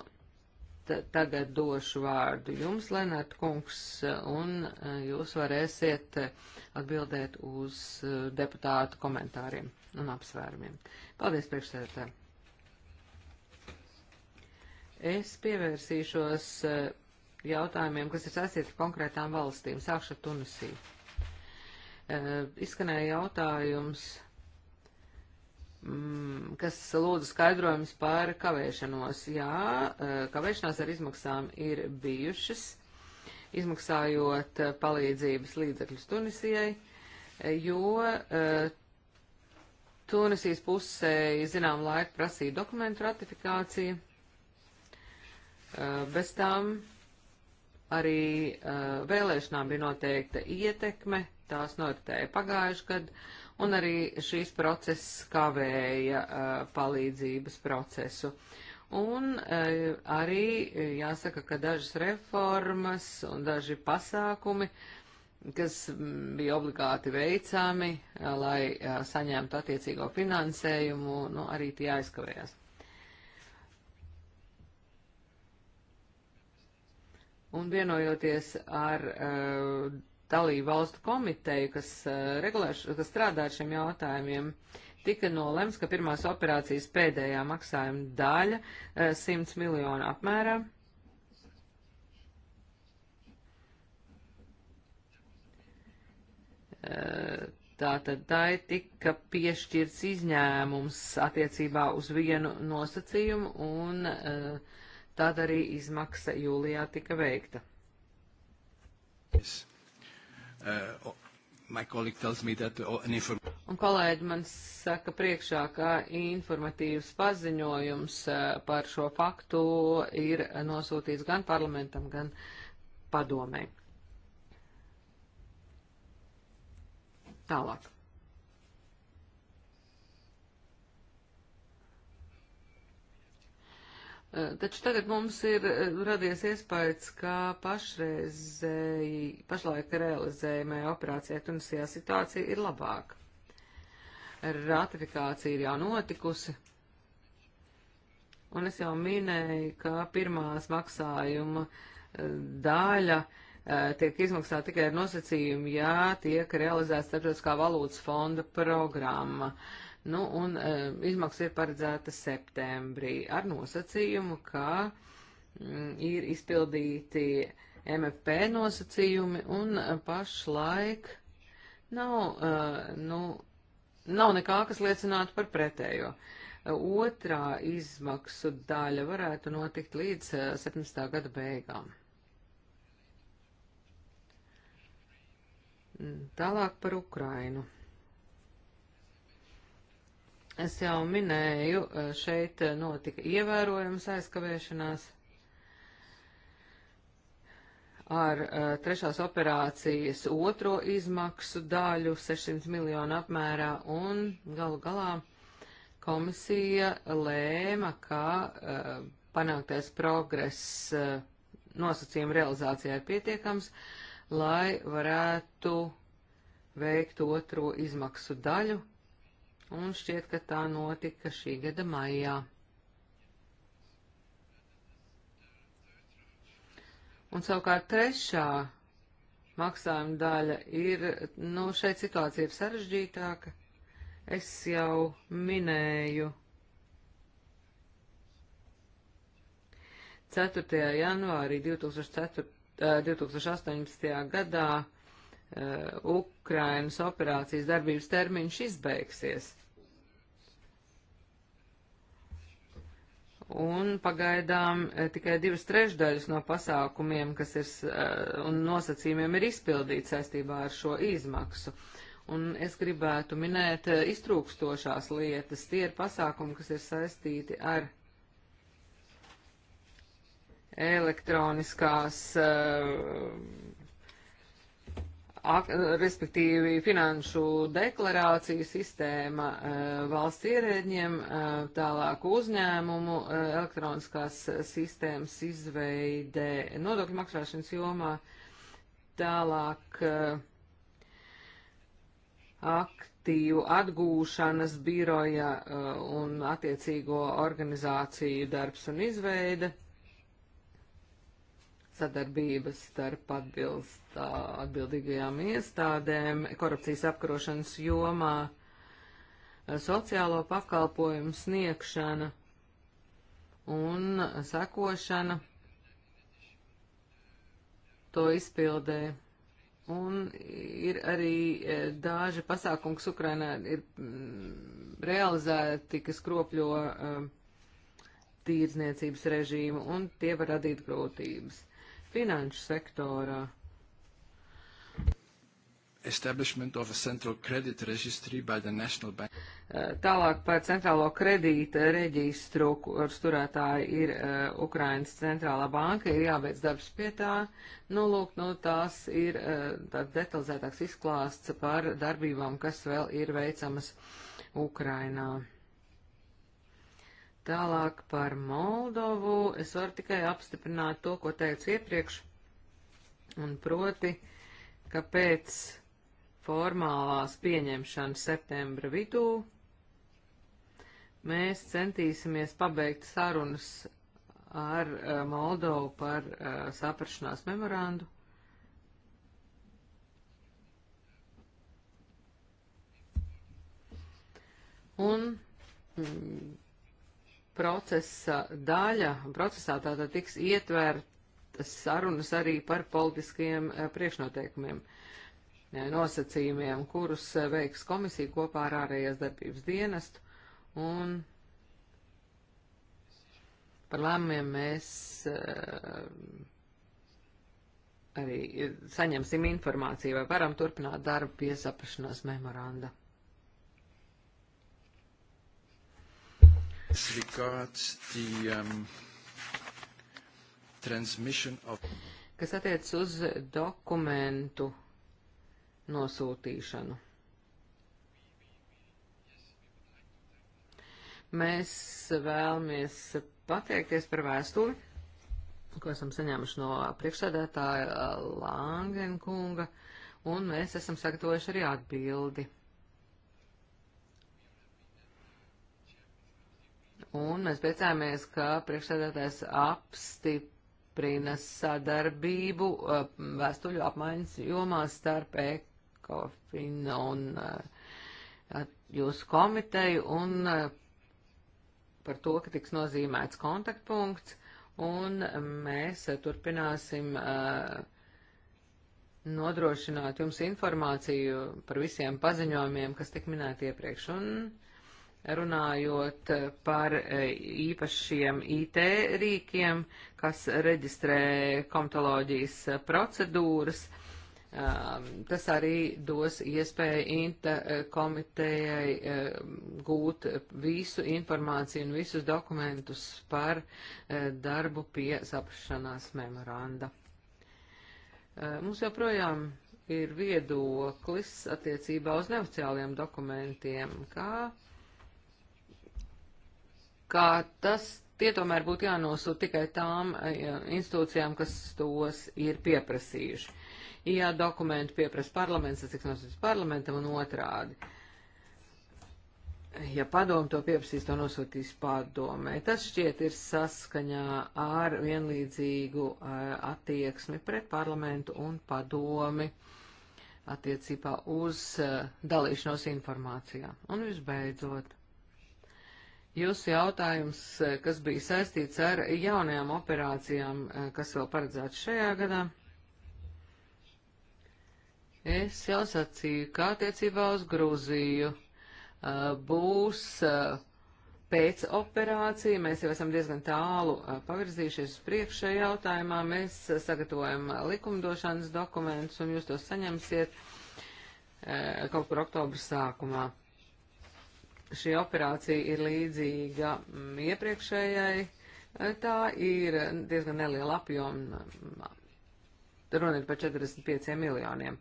tagad došu vārdu jums, Lenart kungs, uh, un uh, jūs varēsiet uh, atbildēt uz uh, deputātu komentāriem un apsvērumiem. Paldies, priekšsēdētāji! Es pievērsīšos eh, jautājumiem, kas ir saistīti ar konkrētām valstīm. Sākšu ar Tunisiju. Eh, izskanēja jautājums, mm, kas lūdza skaidrojums par kavēšanos. Jā, eh, kavēšanās ar izmaksām ir bijušas, izmaksājot palīdzības līdzekļus Tunisijai, jo Tunisijas pusē, zinām, laiku prasīja dokumentu ratifikāciju Eh, bez tām arī eh, vēlēšanām bija noteikta ietekme, tās noritēja pagājuši gadu, un arī šīs procesas kavēja eh, palīdzības procesu. Un arī jāsaka, ka dažas reformas un daži pasākumi kas bija obligāti veicami, lai saņemtu attiecīgo finansējumu, nu, arī tie aizkavējās. un vienojoties ar uh, dalību valstu komiteju, kas, uh, eh, regulēš, kas strādā ar šiem jautājumiem, tika nolems, ka pirmās operācijas pēdējā maksājuma daļa uh, eh, 100 miljonu apmērā. Uh, Tātad tā ir tika piešķirts izņēmums attiecībā uz vienu nosacījumu un uh, Tāda arī izmaksa jūlijā tika veikta. Yes. Uh, oh, oh, Un kolēģi man saka priekšā, ka informatīvs paziņojums uh, par šo faktu ir nosūtīts gan parlamentam, gan padomē. Tālāk. Eh, taču tagad mums ir eh, radies iespējas, ka pašreizēji, pašlaik realizējumai operācijai Tunisijā situācija ir labāka. Ratifikācija ir jau notikusi, un es jau minēju, ka pirmās maksājuma eh, daļa tiek izmaksāta tikai ar nosacījumu, ja tiek realizēta starptautiskā valūtas fonda programma. Uh, Nu, un e, izmaksas ir paredzēta septembrī ar nosacījumu, ka m, mm, ir izpildīti MFP nosacījumi un e, pašlaik nav, e, nu, nav nekā, kas liecinātu par pretējo. E, otrā izmaksu daļa varētu notikt līdz 17. E, gada beigām. Mm, tālāk par Ukrainu. Es jau minēju, eh, šeit eh, notika ievērojams aizkavēšanās ar eh, trešās operācijas otro izmaksu daļu 600 miljonu apmērā un galu galā komisija lēma, ka panāktais progress nosacījuma realizācijā ir pietiekams, lai varētu veikt otro izmaksu daļu un šķiet, ka tā notika šī gada maijā. Un savukārt trešā maksājuma daļa ir, nu, šeit situācija ir sarežģītāka. Es jau minēju 4. janvārī 2004, 2018. Eh, gadā uh, Ukrainas operācijas darbības termiņš izbeigsies. Un pagaidām eh, tikai divas trešdaļas no pasākumiem, kas ir eh, un nosacījumiem ir izpildīts saistībā ar šo izmaksu. Un es gribētu minēt eh, iztrūkstošās lietas. Tie ir pasākumi, kas ir saistīti ar elektroniskās uh, respektīvi finanšu deklarāciju sistēma eh, valsts ierēģiem, eh, tālāk uzņēmumu, eh, elektroniskās sistēmas izveide nodokļu maksāšanas jomā, tālāk aktīvu atgūšanas biroja un attiecīgo organizāciju darbs un izveide sadarbības starp atbilst, atbildīgajām iestādēm, korupcijas apkarošanas jomā, sociālo pakalpojumu sniegšana un sekošana to izpildē. Un ir arī daži pasākums Ukrainā ir mm, realizēti, kas kropļo tīrzniecības režīmu, un tie var radīt grūtības finanšu sektorā. Establishment of a central credit registry by the National Bank. Eh, tālāk par centrālo kredīta reģistru, kur turētāji ir uh, Ukrainas centrālā banka, ir jāveic darbs pie tā. Nu, lūk, nu, tās ir uh, eh, tāds detalizētāks izklāsts par darbībām, kas vēl ir veicamas Ukrainā. Tālāk par Moldovu es varu tikai apstiprināt to, ko teicu iepriekš, un proti, ka pēc formālās pieņemšanas septembra vidū mēs centīsimies pabeigt sarunas ar eh, Moldovu par eh, saprašanās memorandu. Un mm, procesa daļa, procesā tātad tiks ietvertas sarunas arī par politiskajiem eh, priekšnoteikumiem eh, nosacījumiem, kurus eh, veiks komisija kopā ar ārējās darbības dienestu, un par lēmumiem mēs arī saņemsim informāciju, vai varam turpināt darbu pie saprašanās memoranda. Um, Kas attiec uz dokumentu nosūtīšanu. Mēs vēlamies pateikties par vēstuli, ko esam saņēmuši no priekšsēdētāja Langenkunga, un mēs esam sagatavojuši arī atbildi. un mēs priecājamies, ka priekšsēdētājs apstiprina sadarbību uh, vēstuļu apmaiņas jomā starp ECOFIN un uh, jūsu komiteju un uh, par to, ka tiks nozīmēts kontaktpunkts, un mēs turpināsim uh, nodrošināt jums informāciju par visiem paziņojumiem, kas tik minēti iepriekš. Un runājot eh, par eh, īpašiem IT rīkiem, kas reģistrē komitoloģijas eh, procedūras. Ehm, tas arī dos iespēju INTA komitejai gūt visu informāciju un visus dokumentus par darbu pie saprašanās memoranda. Ehm, mums joprojām ir viedoklis attiecībā uz neoficiāliem dokumentiem, kā ka tas tie tomēr būtu jānosūta tikai tām eh, institūcijām, kas tos ir pieprasījuši. Ja dokumentu pieprasa parlaments, tas tiks nosūtīts parlamentam un otrādi. Ja padomu to pieprasīs, to nosūtīs padomē. Tas šķiet ir saskaņā ar vienlīdzīgu eh, attieksmi pret parlamentu un padomi attiecībā uz eh, dalīšanos informācijā. Un visbeidzot. Jūsu jautājums, e, kas bija saistīts ar jaunajām operācijām, e, kas vēl paredzēts šajā gadā? Es jau sacīju, kā attiecībā uz Grūziju e, būs pēc operācija. Mēs jau esam diezgan tālu pavirzījušies uz priekšējā jautājumā. Mēs sagatavojam likumdošanas dokumentus, un jūs tos saņemsiet kaut kur oktobra sākumā šī operācija ir līdzīga iepriekšējai. Tā ir diezgan neliela apjoma, runa ir par 45 miljoniem.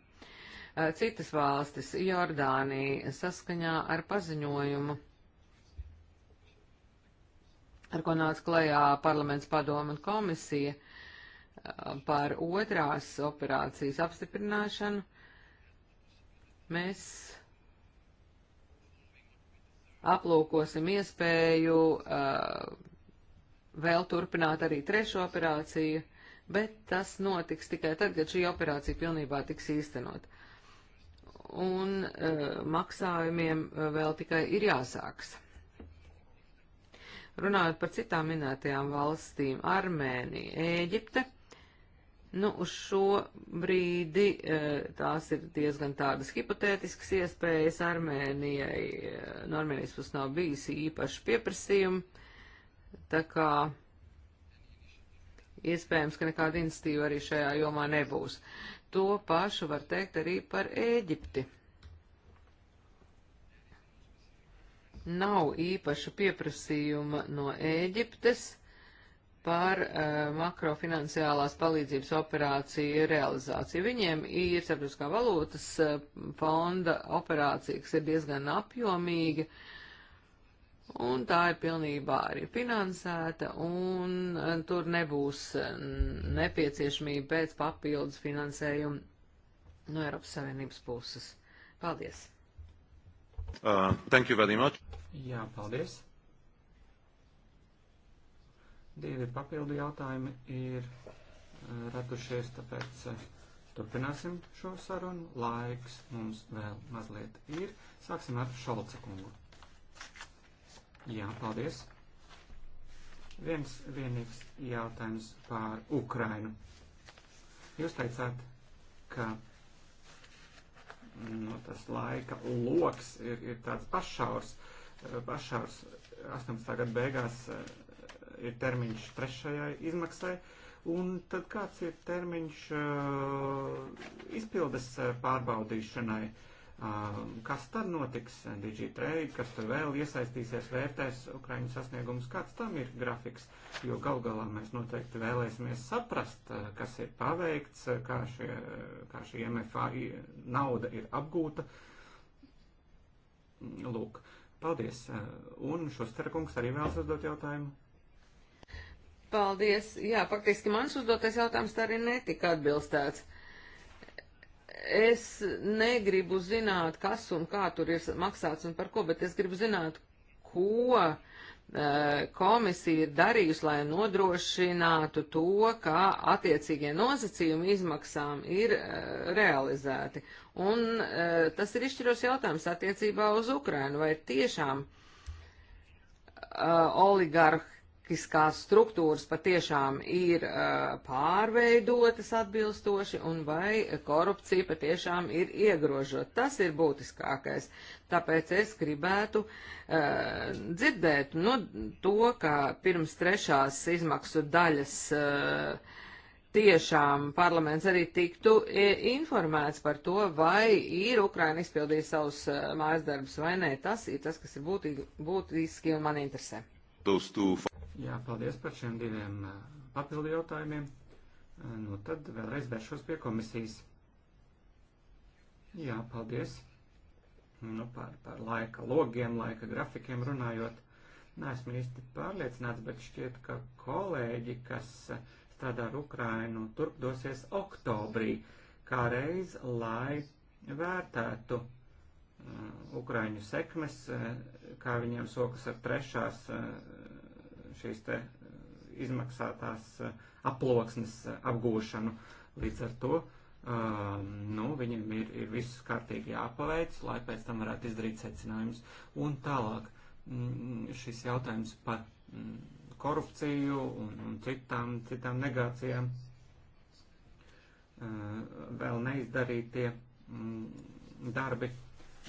Citas valstis - Jordānija saskaņā ar paziņojumu, ar ko nāca klajā parlaments padoma un komisija par otrās operācijas apstiprināšanu. Mēs aplūkosim iespēju uh, vēl turpināt arī trešo operāciju, bet tas notiks tikai tad, kad šī operācija pilnībā tiks īstenot. Un uh, maksājumiem eh, vēl tikai ir jāsāks. Runājot par citām minētajām valstīm - Armēnija, Ēģipte. Nu, uz šo brīdi e, tās ir diezgan tādas hipotētiskas iespējas. Armēnijai e, no Armēnijas puses nav bijis īpaši pieprasījumi, tā kā iespējams, ka nekāda institīva arī šajā jomā nebūs. To pašu var teikt arī par Ēģipti. Nav īpaša pieprasījuma no Ēģiptes par uh, eh, makrofinansiālās palīdzības operāciju realizāciju. Viņiem ir starptautiskā valūtas uh, fonda operācija, kas ir diezgan apjomīga, un tā ir pilnībā arī finansēta, un uh, tur nebūs nepieciešamība pēc papildus finansējuma no Eiropas Savienības puses. Paldies! Uh, thank you very much. Jā, paldies. Divi papildu jautājumi ir eh, radušies, tāpēc eh, turpināsim šo sarunu. Laiks mums vēl mazliet ir. Sāksim ar Šalca kungu. Jā, paldies. Viens vienīgs jautājums par Ukrainu. Jūs teicāt, ka mm, nu, tas laika loks ir, ir tāds pašaurs. Eh, pašaurs 18. gada beigās ir termiņš trešajai izmaksai, un tad kāds ir termiņš uh, izpildes uh, pārbaudīšanai, uh, kas tad notiks DigiTrade, kas tur vēl iesaistīsies, vērtēs Ukraiņu sasniegumus, kāds tam ir grafiks, jo gal galā mēs noteikti vēlēsimies saprast, kas ir paveikts, kā, šie, kā šī MFA nauda ir apgūta. Lūk, paldies. Un Šusterkungs arī vēlas uzdot jautājumu. Paldies. Jā, faktiski mans uzdotais jautājums tā arī netika atbilstēts. Es negribu zināt, kas un kā tur ir maksāts un par ko, bet es gribu zināt, ko uh, komisija ir darījusi, lai nodrošinātu to, ka attiecīgie nosacījumi izmaksām ir uh, realizēti. Un uh, tas ir izšķiros jautājums attiecībā uz Ukrainu, vai tiešām oligarhi hierarhiskās struktūras patiešām ir uh, pārveidotas atbilstoši un vai korupcija patiešām ir iegrožot. Tas ir būtiskākais. Tāpēc es gribētu uh, dzirdēt nu, to, ka pirms trešās izmaksu daļas uh, tiešām parlaments arī tiktu informēts par to, vai ir Ukraina izpildījusi savus mājasdarbus vai nē. Tas ir tas, kas ir būtīgi, būtiski un man interesē. Those two Jā, paldies par šiem diviem papildu jautājumiem. Nu, tad vēlreiz vēršos pie komisijas. Jā, paldies. Nu, par, par laika logiem, laika grafikiem runājot. Neesmu īsti pārliecināts, bet šķiet, ka kolēģi, kas strādā ar Ukrainu, turp dosies oktobrī, kā reiz, lai vērtētu uh, Ukraiņu sekmes, uh, kā viņiem sokas ar trešās uh, šīs te eh, izmaksātās eh, aploksnes eh, apgūšanu. Līdz ar to nu, viņiem ir, ir viss kārtīgi jāpaveic, lai pēc tam varētu izdarīt secinājumus. Un tālāk mm, šis jautājums par mm, korupciju un, un citām, citām negācijām vēl neizdarītie mm, darbi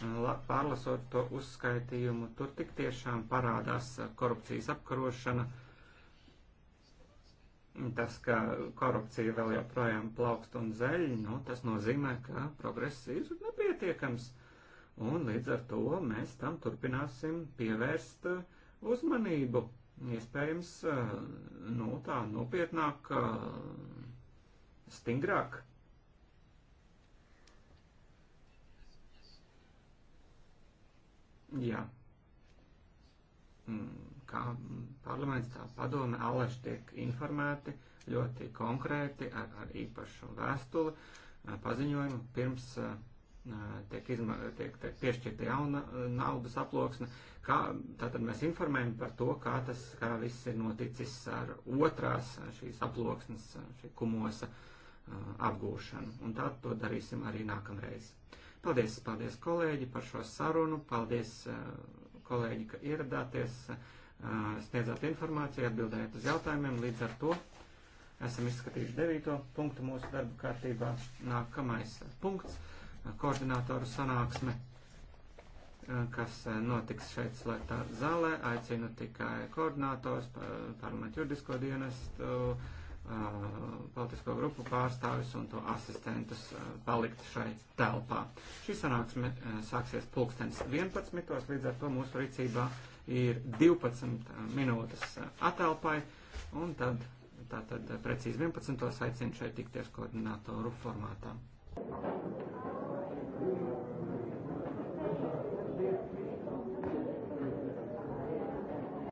La, pārlasot to uzskaitījumu, tur tik tiešām parādās uh, korupcijas apkarošana, tas, ka korupcija vēl joprojām plaukst un zeļ, nu, tas nozīmē, ka progress ir nepietiekams, un līdz ar to mēs tam turpināsim pievērst uh, uzmanību, iespējams, uh, nu, tā nopietnāk, stingrāk. Jā. Mm, kā parlaments, tā padome, alaši tiek informēti ļoti konkrēti ar, ar īpašu vēstuli, paziņojumu pirms tiek, izma, tiek, tiek piešķirta jauna naudas aploksne. Kā, tātad mēs informējam par to, kā tas kā viss ir noticis ar otrās šīs aploksnes, šī kumosa apgūšanu. Un tā to darīsim arī nākamreiz. Paldies, paldies kolēģi par šo sarunu, paldies eh, kolēģi, ka ieradāties, eh, sniedzāt informāciju, atbildējāt uz jautājumiem. Līdz ar to esam izskatījuši devīto punktu mūsu darba kārtībā. Nākamais punkts - koordinātoru sanāksme, eh, kas notiks šeit slēgtā zālē. Aicinu tikai koordinātors, parlamentu juridisko dienestu politisko grupu pārstāvis un to asistentus palikt šai telpā. Šī sanāksme sāksies pulkstens 11. līdz ar to mūsu rīcībā ir 12 minūtes atelpai un tad, tātad precīzi 11. aicinu šeit tikties koordinātoru formātā. Thank you.